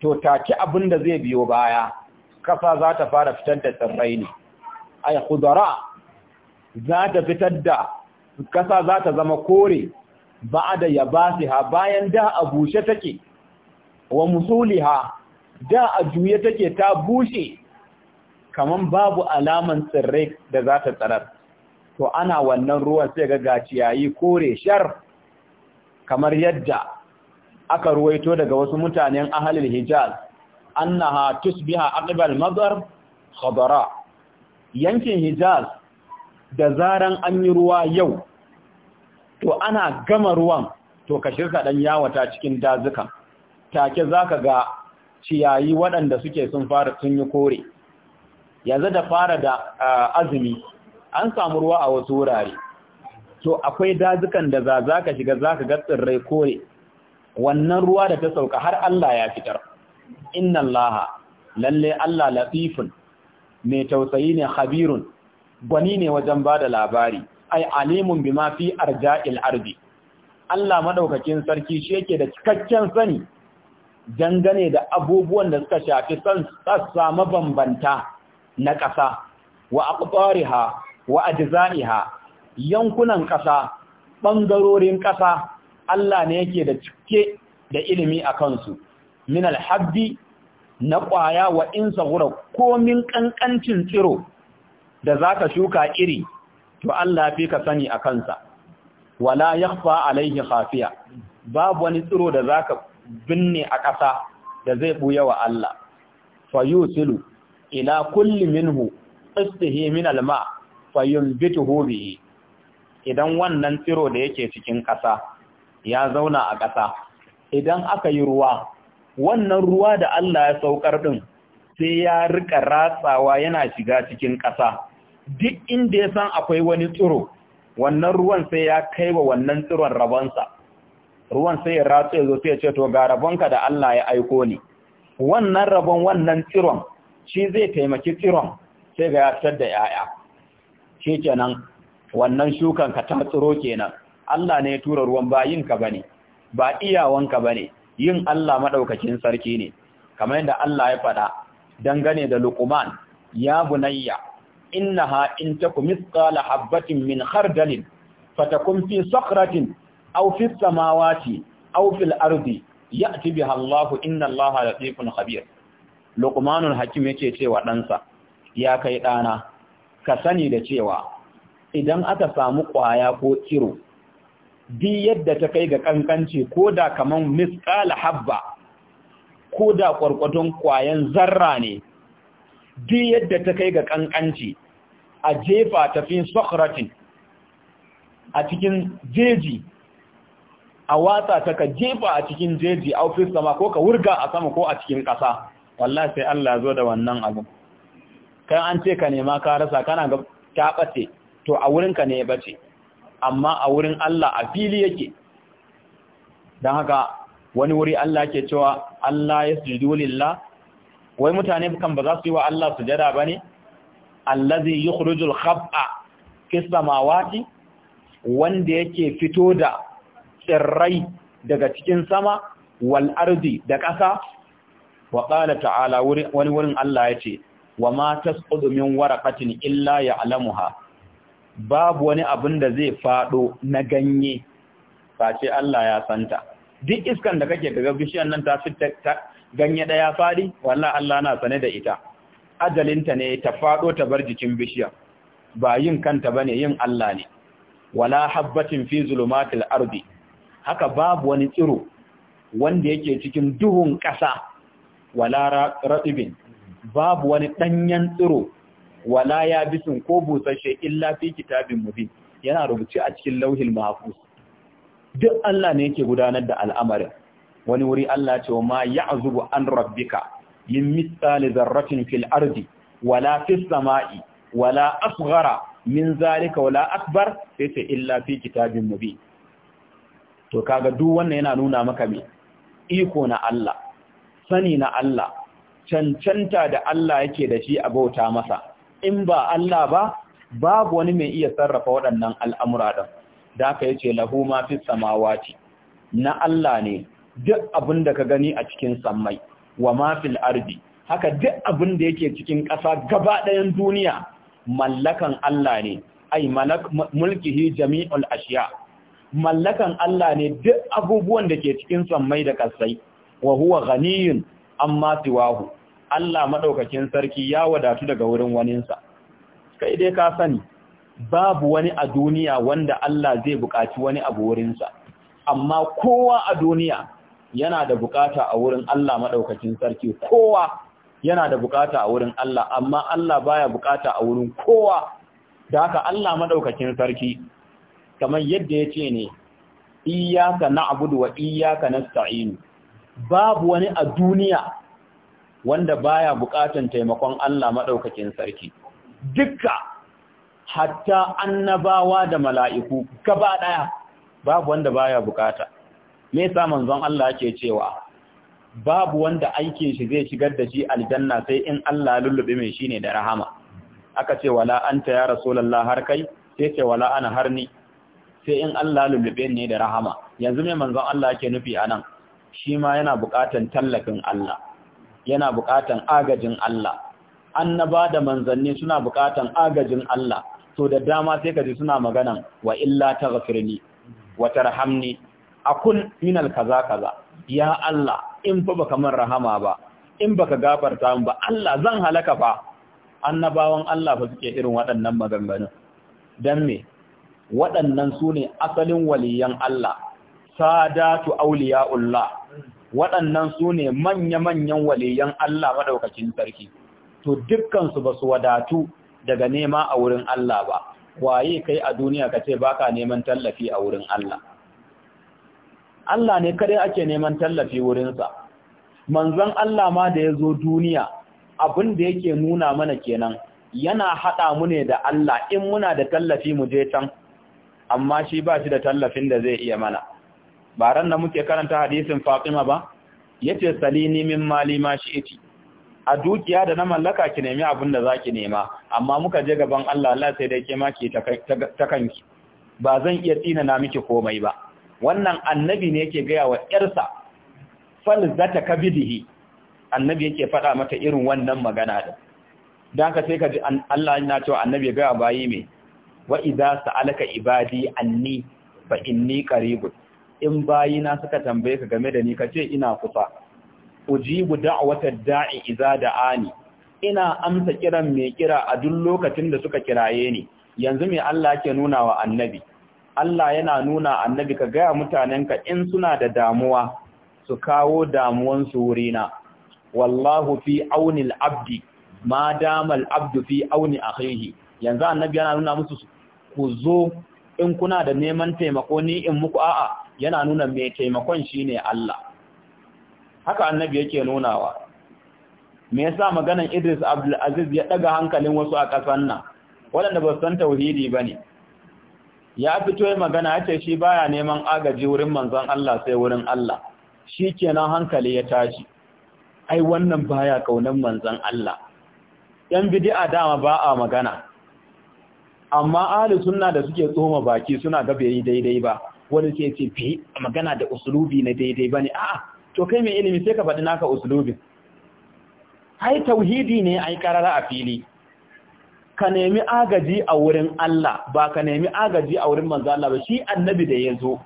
to take abin da zai biyo baya ƙasa za ta fara fitar da tsirrai ne ai khudara za ta fitar da ƙasa za ta zama kore ba da yabasiha bayan da a bushe take wa musuliha da a juye take ta bushe kaman babu alaman tsirrai da za ta tsarar to ana wannan ruwan sai ga gaciyayi kore shar kamar yadda aka ruwaito daga wasu mutanen ahalil hijaz annaha tusbiha aqbal madar khadara yankin hijaz da zaran an yi ruwa yau to ana gama ruwan to ka shirka dan yawata cikin dazukan take zaka ga ciyayi waɗanda suke sun fara sun yi kore yanzu da fara da ah, azumi an samu ruwa a wasu wurare to akwai dazukan da za za ka shiga za ka ga tsirrai kore wannan ruwa da ta sauka har Allah ya fitar inna laha lalle Allah latifun mai tausayi ne Habirun? gwani ne wajen ba da labari ai alimun bima fi arja'il ardi Allah madaukakin sarki shi yake da cikakken sani dangane da abubuwan da suka shafi sassa mabambanta na ƙasa wa aqtariha wa ajza'iha yankunan ƙasa ɓangarorin ƙasa Allah ne yake da cike da ilimi a kansu min alhabbi na ƙwaya wa in sahura komin ƙanƙancin tsiro da za ka shuka iri to Allah fi ka sani a kansa wala ya fa alaihi hafiya, babu wani tsiro da za ka binne a ƙasa da zai buya wa Allah fayusilu ina kulli minhu istihi min alma fayunbituhu bihi idan wannan tsiro da yake cikin ƙasa ya zauna a ƙasa idan aka yi ruwa wannan ruwa da Allah ya saukar ɗin sai ya rika ratsawa yana shiga cikin ƙasa duk inda ya san akwai wani tsiro wannan ruwan sai ya kai wa wannan tsiron rabonsa ruwan sai ya ratsu ya zo sai ya ce to ga rabonka da Allah ya aiko ni wannan rabon wannan tsiron shi zai taimaki tsiron sai ga ya fitar da 'ya'ya shi kenan wannan shukan ka ta kenan Allah ne ya tura ruwan ba ka bane ba iyawanka bane yin Allah madaukakin sarki ne kamar yadda Allah ya faɗa dangane da Luqman ya bunayya innaha in takum mithqala habatin min khardalin fatakun fi saqratin aw fi samawati aw fil ardi ya'ti biha Allahu inna Allaha latifun khabir Luqmanul Hakim yake cewa ɗansa ya kai ɗana ka sani da cewa idan aka samu ƙwaya ko tiro, di yadda ta kai ga ƙanƙanci ko da kaman misƙala habba ko da ƙwarƙwaton ƙwayan zarra ne di yadda ta kai ga ƙanƙanci a jefa tafin sokratin a cikin jeji a watsa ta ka jefa a cikin jeji a ofis sama ko ka wurga a sama ko a cikin ƙasa wallah sai Allah zo da wannan abu kan an ce ka nema ka rasa kana ga ta ɓace to a wurinka ne ya bace amma a wurin Allah a fili yake don haka wani wuri Allah ke cewa Allah ya su lillah wai mutane kan ba za su yi wa Allah ne allah zai yukhrijul khab'a fis samawati wanda yake fito da tsirrai daga cikin sama wal ardi da ƙasa wa ta'ala wani wurin Allah yace wa ma tasqudu min waraqatin illa ya'lamuha babu wani abin da zai faɗo na ganye face Allah ya santa duk iskan da kake daga bishiyan nan ta fita ganye ɗaya faɗi wallahi Allah na sane da ita ajalinta ne ta faɗo ta bar jikin bishiya ba yin kanta bane yin Allah ne wala habbatin fi zulumatil ardi haka babu wani tsiro wanda yake cikin duhun ƙasa wala raɗibin babu wani ɗanyen tsiro wala ya bisin ko busasshe illa fi kitabin mubin yana rubuce a cikin lauhin mahfuz duk Allah ne yake gudanar da al'amarin wani wuri Allah ce wa ma ya'zubu an rabbika min mithqali dharratin fil ardi wala fis sama'i wala asghara min zalika wala akbar sai ce illa fi kitabin mubin to kaga duk wannan yana nuna maka me iko na Allah sani na Allah cancanta da Allah yake da shi a bauta masa in ba Allah ba babu wani mai iya sarrafa waɗannan al'amura da aka yace lahu ma fi ce. na Allah ne duk abin da ka gani a cikin sammai wa ma fil ardi haka duk abin da yake cikin ƙasa gaba ɗayan duniya mallakan Allah ne ai mulkihi jami'ul ashiya mallakan Allah ne duk abubuwan da ke cikin sammai da kasai wa huwa ghaniyun amma siwahu Allah maɗaukakin sarki ya wadatu daga wurin waninsa. Kai dai ka sani, babu wani a duniya wanda Allah zai buƙaci wani abu wurinsa, amma kowa a duniya yana da buƙata a wurin Allah maɗaukakin sarki, kowa yana da buƙata a wurin Allah, amma Allah baya buƙata a wurin kowa, da haka Allah maɗaukakin sarki, kamar yadda ya ce ne, iyaka na abudu wa iyaka na babu wani a duniya wanda baya bukatan taimakon Allah madaukakin sarki dukka hatta annabawa da mala'iku gaba daya babu wanda baya bukata me yasa manzon Allah yake cewa babu wanda aikin shi zai shigar da shi aljanna sai in Allah lullube mai shine da rahama aka ce wala anta ya rasulullah har kai sai ce wala ana har ni sai in Allah lullube ne da rahama yanzu me manzon Allah yake nufi anan shi ma yana bukatan tallafin Allah yana buƙatan agajin Allah annaba da manzanni suna buƙatan agajin Allah to da dama sai kaji suna maganan wa illa taghfirni wa tarhamni akun minal kaza kaza ya Allah in fa baka man rahama ba in baka gafarta min ba Allah zan halaka fa annabawan Allah fa suke irin waɗannan maganganun dan me waɗannan su ne asalin waliyan Allah sadatu auliya'ullah waɗannan su ne manya-manyan waliyan Allah maɗaukacin sarki to dukkansu ba su wadatu daga nema a wurin Allah ba waye kai a duniya ka ce ba ka neman tallafi a wurin Allah Allah ne kare ake neman tallafi wurinsa manzon Allah ma da ya zo duniya abin da yake nuna mana kenan yana haɗa mu ne da Allah in muna da tallafi mu je can amma shi ba shi da tallafin da zai iya mana ba ran da muke karanta hadisin Fatima ba yace salini min mali ma shi'ti a dukiya da na mallaka ki nemi abin da zaki nema amma muka je gaban Allah Allah sai dai ke ma ki ta ba zan iya tsina na miki komai ba wannan annabi ne yake gaya wa yarsa falzata kabidihi annabi yake faɗa mata irin wannan magana da dan ka sai ka ji Allah yana cewa annabi gaya bayi me wa idza sa'alaka ibadi anni fa inni qaribun in na suka tambaye ka game da ni ka ce ina kusa ujibu da'wata da'i idza da'ani ina amsa kiran mai kira a duk lokacin da suka kiraye ni yanzu me Allah ke nuna wa annabi Allah yana nuna annabi ka ga ka in suna da damuwa su kawo damuwan su wurina wallahu fi auni al-abdi ma dama al-abdu fi auni akhihi yanzu annabi yana nuna musu ku zo in kuna da neman taimako ni in muku a'a yana nuna mai taimakon shi ne Allah haka annabi yake nunawa me yasa maganan Idris Abdul Aziz ya daga hankalin wasu a kasan nan waɗanda ba san tauhidi ba ne. ya fito magana ya ce shi baya neman agaji wurin manzon Allah sai wurin Allah shi kenan hankali ya tashi ai wannan baya kaunan manzon Allah yan bid'a dama ba a magana amma ahli sunna da suke tsoma baki suna ga yi daidai ba wani sai ce fi magana da usulubi na daidai bane a'a to kai mai ilimi sai ka faɗi naka usulubi. ai tauhidi ne ai karara a fili ka nemi agaji a wurin Allah ba ka nemi agaji a wurin manzo Allah ba shi annabi da ya zo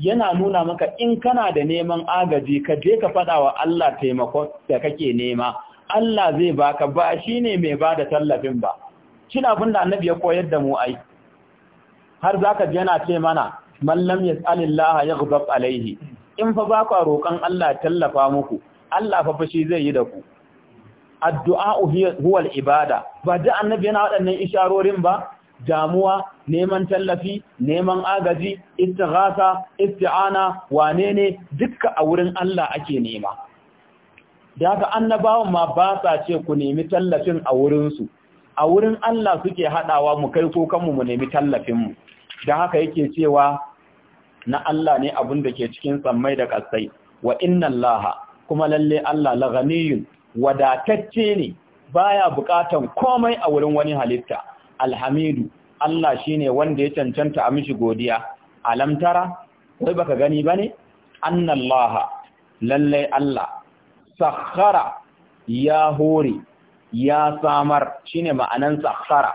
yana nuna maka in kana da neman agaji ka je ka faɗa wa Allah taimako da kake nema Allah zai baka ba shi ne mai bada tallafin ba Kina abin da annabi ya koyar da mu ai har za ka je yana ce mana man lam ya yaghdab alaihi in fa ba ku roƙon Allah tallafa muku Allah fa fashi zai yi da ku addu'a huwa al-ibada ba da annabi yana waɗannan isharorin ba damuwa neman tallafi neman agaji istighasa isti'ana wane ne dukka a wurin Allah ake nema da haka annabawan ma ba sa ce ku nemi tallafin a wurinsu a wurin Allah suke haɗawa mu kai kanmu mu nemi tallafinmu da haka yake cewa na Allah ne abin da ke cikin sammai da ƙasai wa inna Allah kuma lalle Allah la ganiyun wadatacce ne baya buƙatan komai a wurin wani halitta alhamidu Allah shi ne wanda ya cancanta a mishi godiya alamtara tara wai baka gani ne? anna Allah lalle Allah sakhara ya hori, ya samar shi ne ma'anan sakhara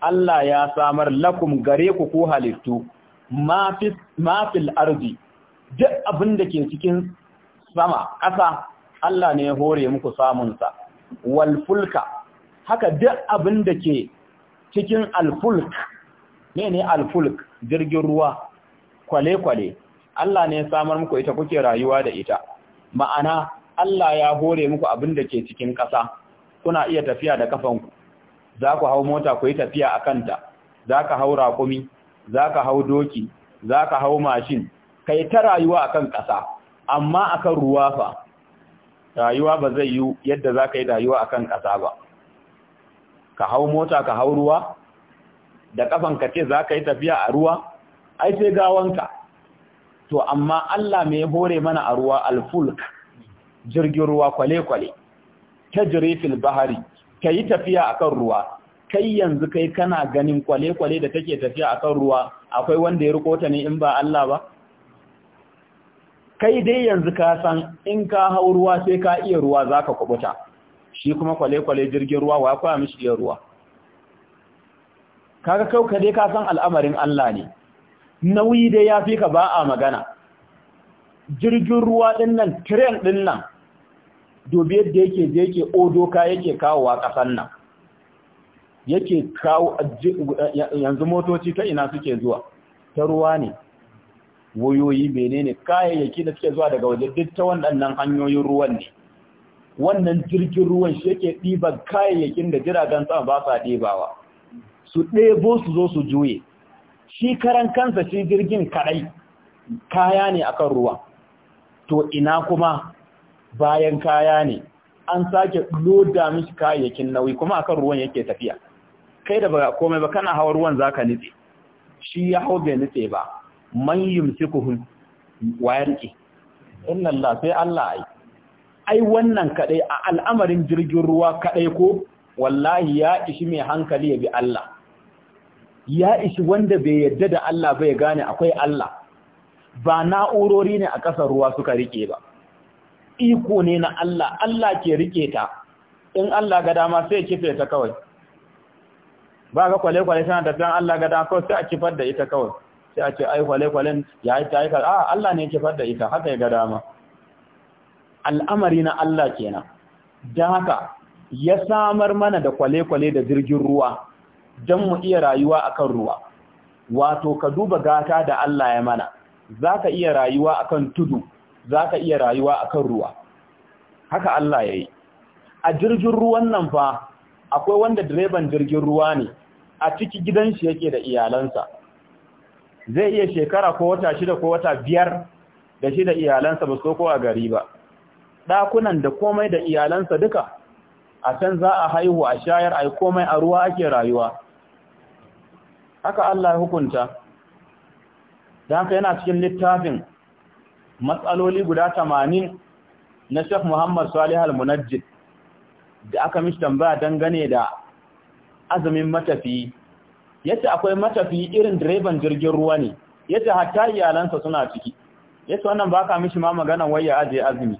Allah ya samar lakum gare ku ko halittu mafil arzi duk abin da ke cikin sama ƙasa Allah ne ya hore muku samunsa walfulka haka duk abin da ke cikin alfulk ne ne alfulk jirgin ruwa kwale-kwale Allah ne ya samar muku ita kuke rayuwa da ita ma'ana Allah ya hore muku abin da ke cikin ƙasa kuna iya tafiya da kafanku za ku hau mota ku yi tafiya a kanta za ka hau raƙumi za ka hau doki za ka hau mashin kai ta rayuwa akan ƙasa amma akan ruwa fa rayuwa ba zai yi yadda za ka yi rayuwa akan ƙasa ba ka hau mota ka hau ruwa da ƙafan ka ce za ka yi tafiya a ruwa ai sai gawanka to amma Allah mai hore mana a ruwa alfulk jirgin ruwa kwale-kwale ta jirifin bahari ka yi tafiya akan ruwa kai yanzu kai kana ganin kwale-kwale da take tafiya a kan ruwa akwai wanda ya rukota ne in ba Allah ba kai dai yanzu ka san in ka hau ruwa sai ka iya ruwa zaka kubuta shi kuma kwale-kwale jirgin ruwa wa kwa mishi iya ruwa kaga ka dai ka san al'amarin Allah ne nauyi dai ya fi ka ba a magana jirgin ruwa ɗin nan tren ɗin nan dobe yadda yake je yake odoka yake kawowa ƙasar nan yake kawo yanzu motoci ta ina suke zuwa ta ruwa ne wayoyi menene kayayyaki da suke zuwa daga waje duk ta waɗannan hanyoyin ruwan ne wannan jirgin ruwan shi yake ɗiban kayayyakin da jiragen sama ba sa ɗebawa su ɗebo su zo su juye shi karan kansa shi jirgin kaɗai kaya ne akan ruwa to ina kuma bayan kaya ne an sake loda mishi kayayyakin nauyi kuma akan ruwan yake tafiya kai da ba komai ba kana hawa ruwan zaka nitse shi ya hau bai nitse ba man yumsikuhu wa yarki inna Allah sai Allah ai ai wannan kadai a al'amarin jirgin ruwa kadai ko wallahi ya ishi mai hankali ya bi Allah ya ishi wanda bai yadda da Allah bai gane akwai Allah ba na'urori ne a ƙasar ruwa suka rike ba iko ne na Allah Allah ke rike ta in Allah ga dama sai kife ta kawai ba ga kwale-kwale tana tafiyan Allah ga da kawai sai a kifar da ita kawai sai a ce ai kwale-kwalen ya yi ta aikar a Allah ne ya kifar da ita haka ya ga dama al'amari na Allah kenan don haka ya samar mana da kwale-kwale da jirgin ruwa don mu iya rayuwa akan ruwa wato ka duba gata da Allah ya mana za ka iya rayuwa akan tudu za ka iya rayuwa akan ruwa haka Allah ya yi a jirgin ruwan nan fa akwai wanda direban jirgin ruwa ne a ciki gidan shi yake da iyalansa zai iya shekara ko wata shida ko wata biyar da shi da iyalansa ba so ko a gari ba ɗakunan da komai da iyalansa duka a can za a haihu a shayar a komai a ruwa ake rayuwa haka Allah ya hukunta don haka yana cikin littafin matsaloli guda tamanin na Sheikh Muhammad Salih al-Munajjid da aka mishi tambaya dangane da azumin matafi yace akwai matafi irin direban jirgin ruwa ne yace hatta iyalansa suna ciki yace wannan baka mishi ma magana wai ya aje azumi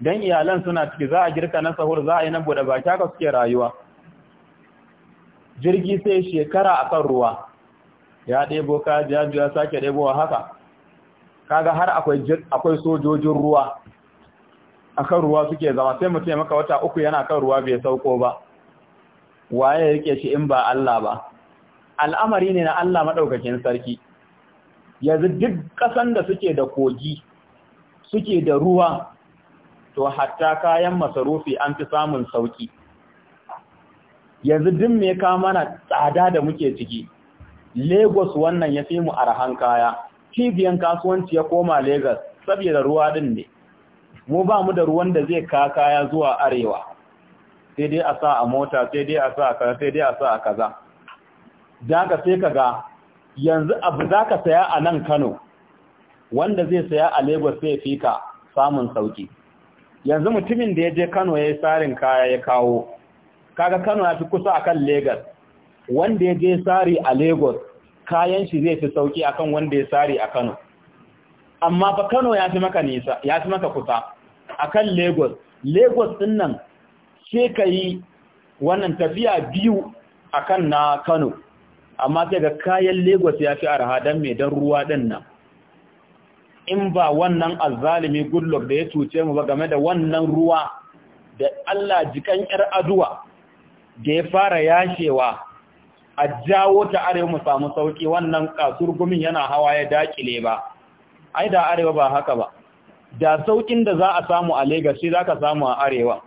dan iyalan suna ciki za a girka na sahur za a yi na bude baki haka suke rayuwa jirgi sai shekara akan ruwa ya ɗebo ka jajuya sake debo haka kaga har akwai sojojin ruwa akan ruwa suke zama sai mutum ya maka wata uku yana kan ruwa bai sauko ba waye rike shi in ba Allah ba al'amari ne na Allah madaukakin sarki yanzu duk kasan da suke da kogi suke da ruwa to hatta kayan masarufi an fi samun sauki yanzu duk me ka mana tsada da muke ciki Lagos wannan ya fi mu arhan kaya cibiyan kasuwanci ya koma Lagos saboda ruwa din ne mu ba mu da ruwan da zai ka kaya zuwa arewa sai dai a sa a mota sai dai a sa a kaza sai dai a sa a kaza da ka sai ka ga yanzu abu za ka saya a nan kano wanda zai saya a lagos sai fi ka samun sauki yanzu mutumin da ya je kano ya yi tsarin kaya ya kawo kaga kano ya fi kusa akan lagos wanda ya je tsari a lagos kayan shi zai fi sauki akan wanda ya tsari a kano amma fa kano ya fi maka nisa ya fi maka kusa akan lagos lagos din nan sai ka yi wannan tafiya biyu a kan na kano amma sai ga kayan lagos ya fi arha don mai don ruwa ɗin nan in ba wannan alzalimi goodluck da ya cuce mu ba game da wannan ruwa da allah jikan yar aduwa da ya fara yashewa a jawo ta arewa mu samu sauƙi, wannan kasur gumin yana hawa ya dakile ba ai da arewa ba haka ba da sauƙin da za a samu a Lagos shi za ka samu a arewa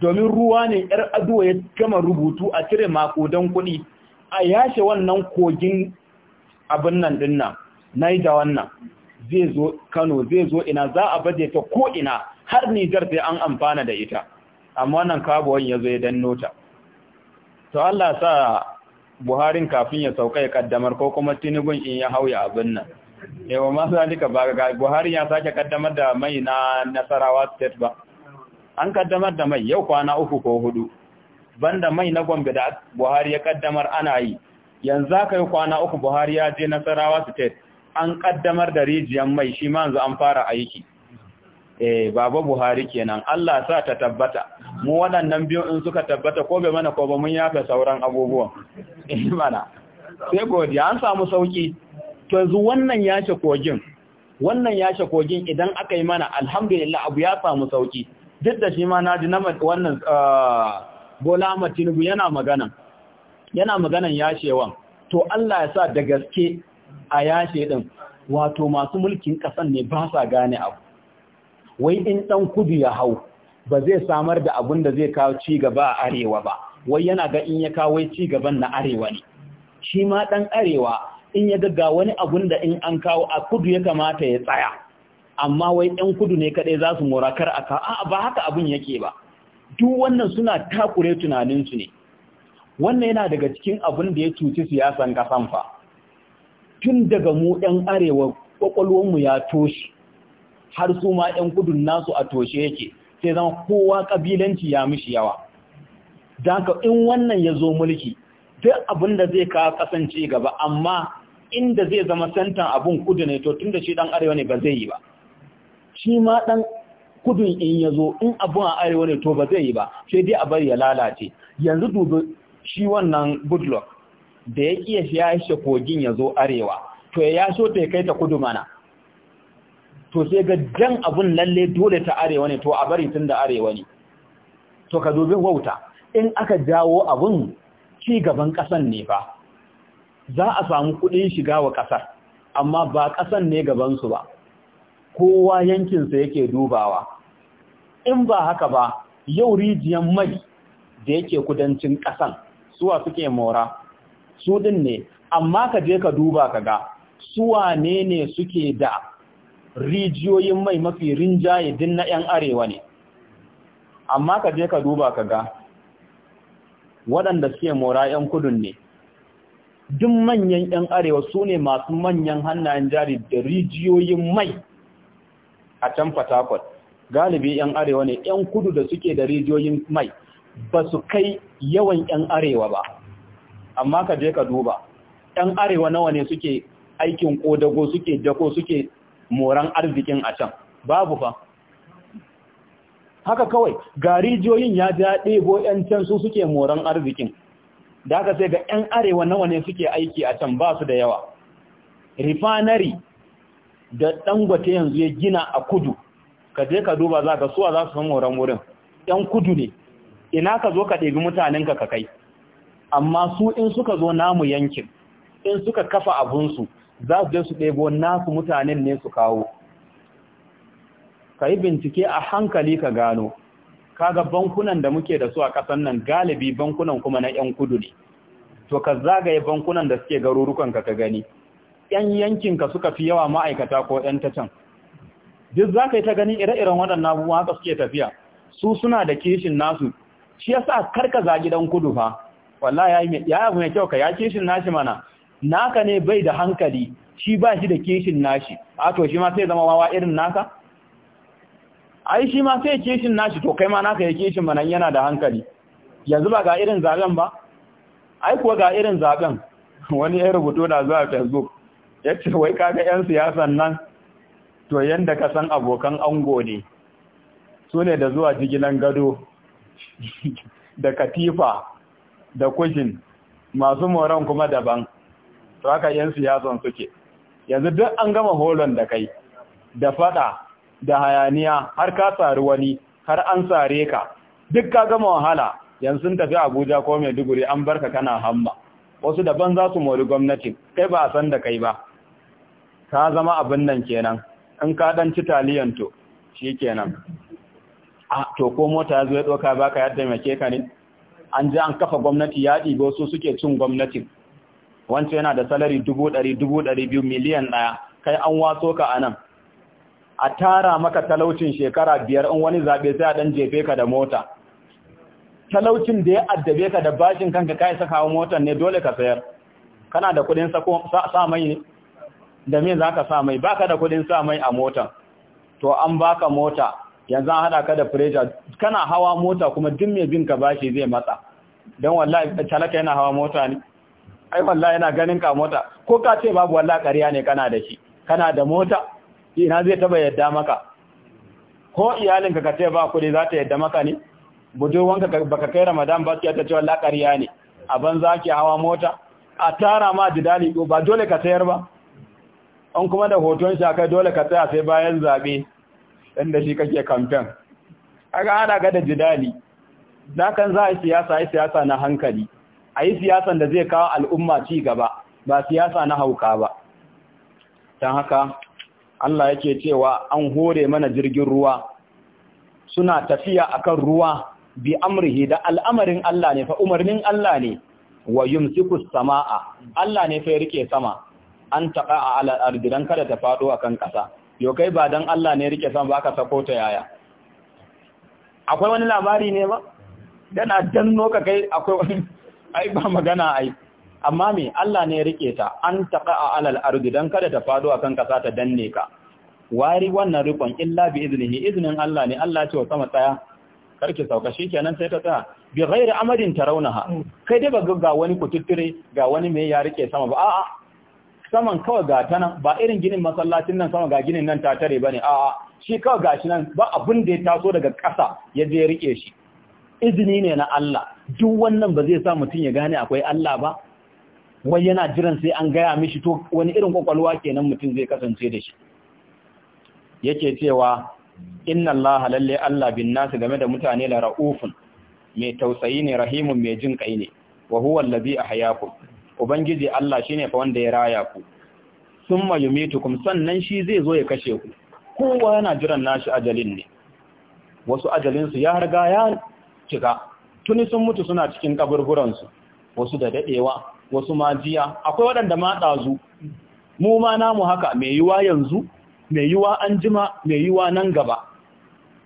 domin ruwa ne ‘yar aduwa ya gama rubutu a cire mako don kuɗi a yashe wannan kogin abin nan dinnan da wannan zai zo kano zai zo ina za a baje ta ko'ina har nijar sai an amfana da ita amma wannan kabuwan ya zo ya danno ta to Allah sa buharin kafin ya sauka ya kaddamar ko kuma tinubun in ya hauya abin nan yawon masu halika ba buharin ya sake kaddamar da mai na nasarawa state ba an kaddamar da mai yau kwana uku ko hudu banda mai na gombe da buhari ya kaddamar ana yi yanzu aka yi kwana uku buhari ya je nasarawa state an kaddamar da rijiyar mai shi ma yanzu an fara aiki eh baba buhari kenan Allah sa ta tabbata mu waɗannan biyu in suka tabbata ko bai mana ko ba mun yafe sauran abubuwan eh mana sai godiya an samu sauki to yanzu wannan yace kogin wannan yace kogin idan aka yi mana alhamdulillah abu ya samu sauki duk da shi ma na ji na wannan ah, bola ahmad tinubu yana magana yana maganan yashewan to Allah ya sa da gaske a yashe din wato masu mulkin kasan ne ba sa gane abu wai in dan kudu ya hau ba zai samar da abun da zai kawo ci gaba a arewa ba wai yana ga in ya kawo ci gaban na arewa ne shi ma dan arewa in ya ga wani abun da in an kawo a kudu ya kamata ya tsaya amma wai 'yan kudu ne kaɗai za su morakar a ka a ba haka abin yake ba duk wannan suna takure tunaninsu ne wannan yana daga cikin abin da ya cuci siyasan kasan fa tun daga mu 'yan arewa ƙwaƙwalwanmu ya toshe har su ma ɗan kudun nasu a toshe yake sai zama kowa ƙabilanci ya mishi yawa don in wannan ya zo mulki duk abin da zai kawo kasance gaba amma inda zai zama santan abin kudu ne to tun da shi ɗan arewa ne ba zai yi ba shi ma ɗan kudin in ya zo in abin a arewa ne to ba zai yi ba sai dai a bari ya lalace yanzu dubi shi wannan goodluck da ya ƙiya shi ya ishe kogin ya zo arewa to ya so ta kai ta kudu mana to sai ga jan abin lalle dole ta arewa ne to a bari tun da arewa ne to ka dubin wauta in aka jawo abin ci gaban ƙasan ne ba, za a samu kuɗin shiga wa ƙasar amma ba ƙasan ne gabansu ba kowa yankinsa yake dubawa in ba haka ba yau rijiyan mai da yake kudancin ƙasan suwa suke mora su din ne amma ka je ka duba ka ga suwa ne ne suke da rijiyoyin mai mafi rinjaye din na 'yan arewa ne amma ka je ka duba ka ga waɗanda suke mora 'yan kudun ne duk manyan 'yan arewa su ne masu manyan hannayen jari da rijiyoyin mai a can Fatakwal. Galibi 'yan arewa ne, 'yan kudu da suke da rijiyoyin mai ba su kai yawan 'yan arewa ba. Amma ka je ka duba, 'yan arewa nawa ne suke aikin kodago suke dako suke moran arzikin a can, babu fa. Haka kawai, ga rijiyoyin ya ja ɗebo 'yan can su suke moran arzikin. da aka sai ga 'yan arewa nawa ne suke aiki a can ba su da yawa. Rifanari da dangote yanzu ya gina a kudu ka je ka duba za ka suwa za su san horon wurin yan kudu ne ina ka zo ka ɗebi mutanenka ka kai amma su in suka zo namu yankin in suka kafa abunsu za su je su ɗebo nasu mutanen ne su kawo ka yi bincike a hankali ka gano kaga bankunan da muke da su a ƙasar nan galibi bankunan kuma na 'yan kudu ne to ka zagaye bankunan da suke garurukan ka ka gani 'yan yankinka suka fi yawa ma'aikata ko 'yan ta can duk za ka yi ta gani ire-iren waɗannan abubuwa haka suke tafiya su suna da kishin nasu shi ya sa karka zagi dan kudu fa walla ya yi abu mai kyau ka ya kishin nashi mana naka ne bai da hankali shi ba shi da kishin nashi a to shi ma sai zama wawa irin naka ai shi ma sai kishin nashi to kai ma naka ya kishin mana yana da hankali yanzu ba ga irin zaben ba ai kuwa ga irin zaben wani ya rubuto da zuwa facebook ya ce wai kaga 'yan siyasan nan to yadda ka san abokan ango ne su ne da zuwa jigilan gado da katifa da kushin masu moran kuma daban to haka 'yan siyasan suke yanzu duk an gama holon da kai da fada da hayaniya har ka tsari wani har an tsare ka duk ka gama wahala yanzu tafi abuja ko maiduguri an barka kana hamma wasu daban za su mori gwamnati kai ba a san da kai ba ka zama abin nan kenan in ka dan ci taliyan to kenan. a ah, to ko mota ya zo ya doka baka ya ke ka ne an ji an kafa gwamnati ya ɗibo su suke cin gwamnati. Wance yana da salari dubu dubu miliyan ɗaya kai an waso ka a nan a tara maka talaucin shekara biyar in wani zaɓe sai a ɗan jefe ka da mota talaucin da ya addabe ka da bashin kanka kai saka motar ne dole ka sayar kana da kuɗin sa mai ne da me za ka sa mai baka da kudin sa mai a mota to an baka mota yanzu an hada ka da pressure kana hawa mota kuma duk mai bin ka bashi zai matsa don wallahi talaka yana hawa mota ne ai wallahi yana ganin ka mota ko ka ce babu wallahi ƙarya ne kana da shi kana da mota ina zai taba yadda maka ko iyalinka ka ce ba kudi za ta yadda maka ne budurwanka baka kai ramadan ba ta ce wallahi ƙarya ne a banza ki hawa mota a tara ma jidali ko ba dole ka sayar ba an kuma da hoton shi akai dole ka tsaya sai bayan zabe dan shi kake kamfen aga ana ga da jidali dakan za a yi siyasa a yi siyasa na hankali a yi siyasa da zai kawo al'umma ci gaba ba siyasa na hauka ba Ta haka Allah yake cewa an hore mana jirgin ruwa suna tafiya akan ruwa bi amrihi da al'amarin Allah ne fa umarnin Allah ne wa yumsiku sama'a Allah ne fa ya rike sama an taƙa a al'ardi don kada ta faɗo a kan ƙasa yau kai ba don Allah ne rike sama ba ka sako ta yaya akwai wani labari ne ba yana don ka kai akwai wani ai ba magana ai amma me Allah ne rike ta an taƙa a al'ardi don kada ta faɗo a kan ƙasa ta danne ka wari wannan rikon illa bi iznihi izinin Allah ne Allah ce wa sama tsaya karki sauka shi kenan sai ta tsaya bi ghairi amadin raunaha. Mm. kai dai ba ga wani kututtire ga wani me ya rike sama ba a'a saman kawai ga ta nan ba irin ginin masallacin nan sama ga ginin nan ta tare ba ne a shi kawai ga shi nan ba abin da ya taso daga ƙasa ya je riƙe shi izini ne na Allah duk wannan ba zai sa mutum ya gane akwai Allah ba wai yana jiran sai an gaya mishi to wani irin kwakwalwa kenan mutum zai kasance da shi yake cewa inna Allah lalle Allah bin nasu game da mutane la ra'ufun mai tausayi ne rahimun mai jin kai ne wa huwa allazi ubangiji Allah shi fa wanda ya raya ku Sun summa kuma sannan shi zai zo ya kashe ku kowa yana jiran nashi ajalin ne wasu ajalinsu ya harga ya cika tuni sun mutu suna cikin kaburburansu wasu da daɗewa wasu ma jiya akwai waɗanda ma ɗazu mu ma namu haka mai yiwa yanzu mai yiwa an jima mai yiwa nan gaba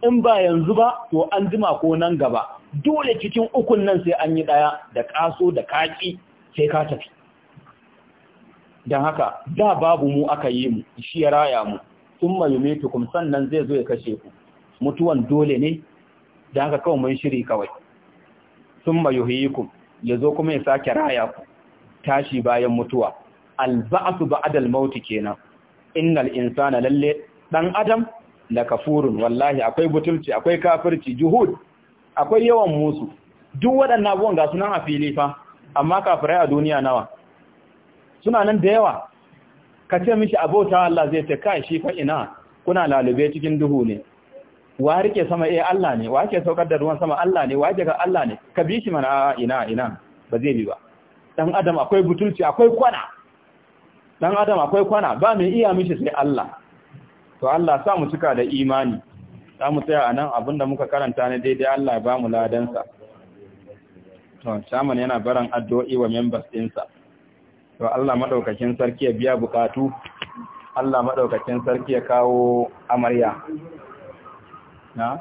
in ba yanzu ba to an jima ko nan gaba dole cikin ukun nan sai an yi ɗaya da ƙaso da kaƙi sai ka tafi don haka da babu mu aka yi mu shi ya raya mu sun mayume tukum sannan zai zo ya kashe ku mutuwan dole ne don haka kawai mun shiri kawai sun mayuhi ku ya zo kuma ya sake raya ku tashi bayan mutuwa alba'atu ba'dal maut kenan innal insana lalle dan adam la kafurun wallahi akwai butulci akwai kafirci juhud akwai yawan musu duk waɗannan abubuwan ga sunan a fili fa amma kafirai a duniya nawa suna nan da yawa ka ce mishi abota Allah zai ce kai shi fa ina kuna lalube cikin duhu ne wa rike sama eh Allah ne wa ke saukar da ruwan sama Allah ne wa ke ga Allah ne ka bi shi mana ina ina ba zai bi ba dan adam akwai butulci akwai kwana dan adam akwai kwana ba mai iya mishi sai Allah to Allah sa mu cika da imani za mu tsaya a nan abinda muka karanta ne daidai Allah ba mu ladansa to shaman yana baran addu'o'i wa members ɗinsa to Allah madaukakin sarki ya biya bukatu Allah madaukakin sarki ya kawo amarya na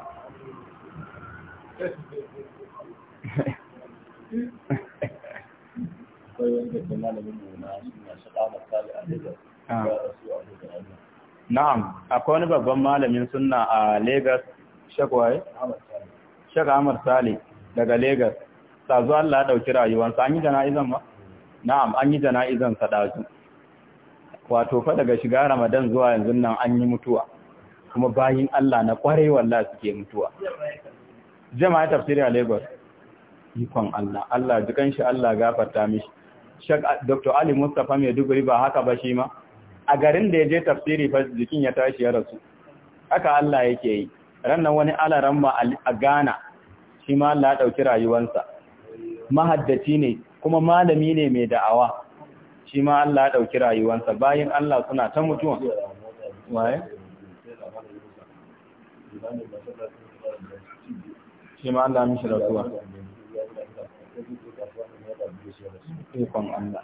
Na'am, akwai wani babban malamin sunna a Lagos, Shekwaye? Shek Ahmad Sale daga Lagos. ta zo Allah ya ɗauki rayuwarsa an yi jana'izan ba? na'am an yi jana'izan ɗazu wato fa daga shiga ramadan zuwa yanzu nan an yi mutuwa kuma bayin Allah na ƙwarai wallah suke mutuwa jama'a tafsiri a Lagos ikon Allah Allah jikan shi Allah gafarta mishi shak Dr. Ali Mustafa mai duguri ba haka ba shi ma a garin da ya je tafsiri fa jikin ya tashi ya rasu haka Allah yake yi ran nan wani alaran ma a Ghana shi ma Allah ya dauki rayuwarsa mahaddaci ne kuma malami ne mai da'awa shi ma Allah ya ɗauki rayuwarsa, bayan Allah suna ta mutuwa waye shi ma Allah mishi rasuwa ikon Allah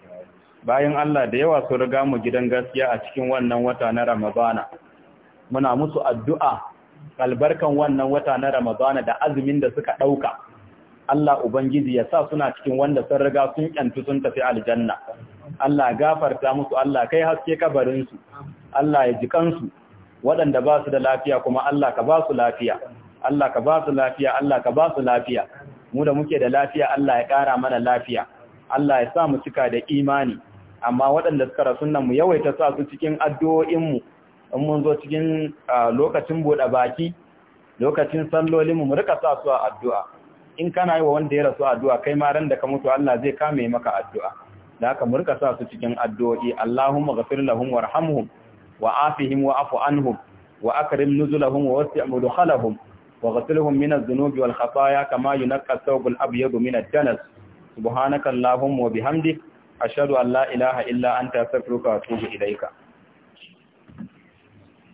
bayan Allah da yawa sun riga mu gidan gaskiya a cikin wannan wata na Ramadana muna musu addu'a albarkan wannan wata na Ramadana da azumin da suka ɗauka Allah Ubangiji ya sa suna cikin wanda sun riga sun ƙyantu sun tafi aljanna. Allah gafarta musu Allah kai haske kabarinsu, Allah ya ji kansu waɗanda ba su da lafiya kuma Allah ka ba su lafiya, Allah ka ba su lafiya, Allah ka ba su lafiya. Mu da muke da lafiya Allah ya ƙara mana lafiya, Allah ya sa mu cika da imani, amma waɗanda suka rasu nan mu yawaita sa su cikin addu'o'inmu, in mun zo cikin ah, lokacin buɗe baki, lokacin sallolin mu rika sa su a addu'a. in kana yi wa wanda ya rasu addu'a kai ma ran da ka mutu Allah zai kame maka addu'a da haka sa su cikin addu'o'i Allahumma ghafir lahum warhamhum wa afihim wa afu anhum wa akrim nuzulahum wa wasi' mudkhalahum wa ghafirhum min adh wal khataaya kama yunqqa thawbul abyadu min ad-danas subhanaka allahumma wa bihamdik ashhadu an la ilaha illa anta astaghfiruka wa atubu ilayka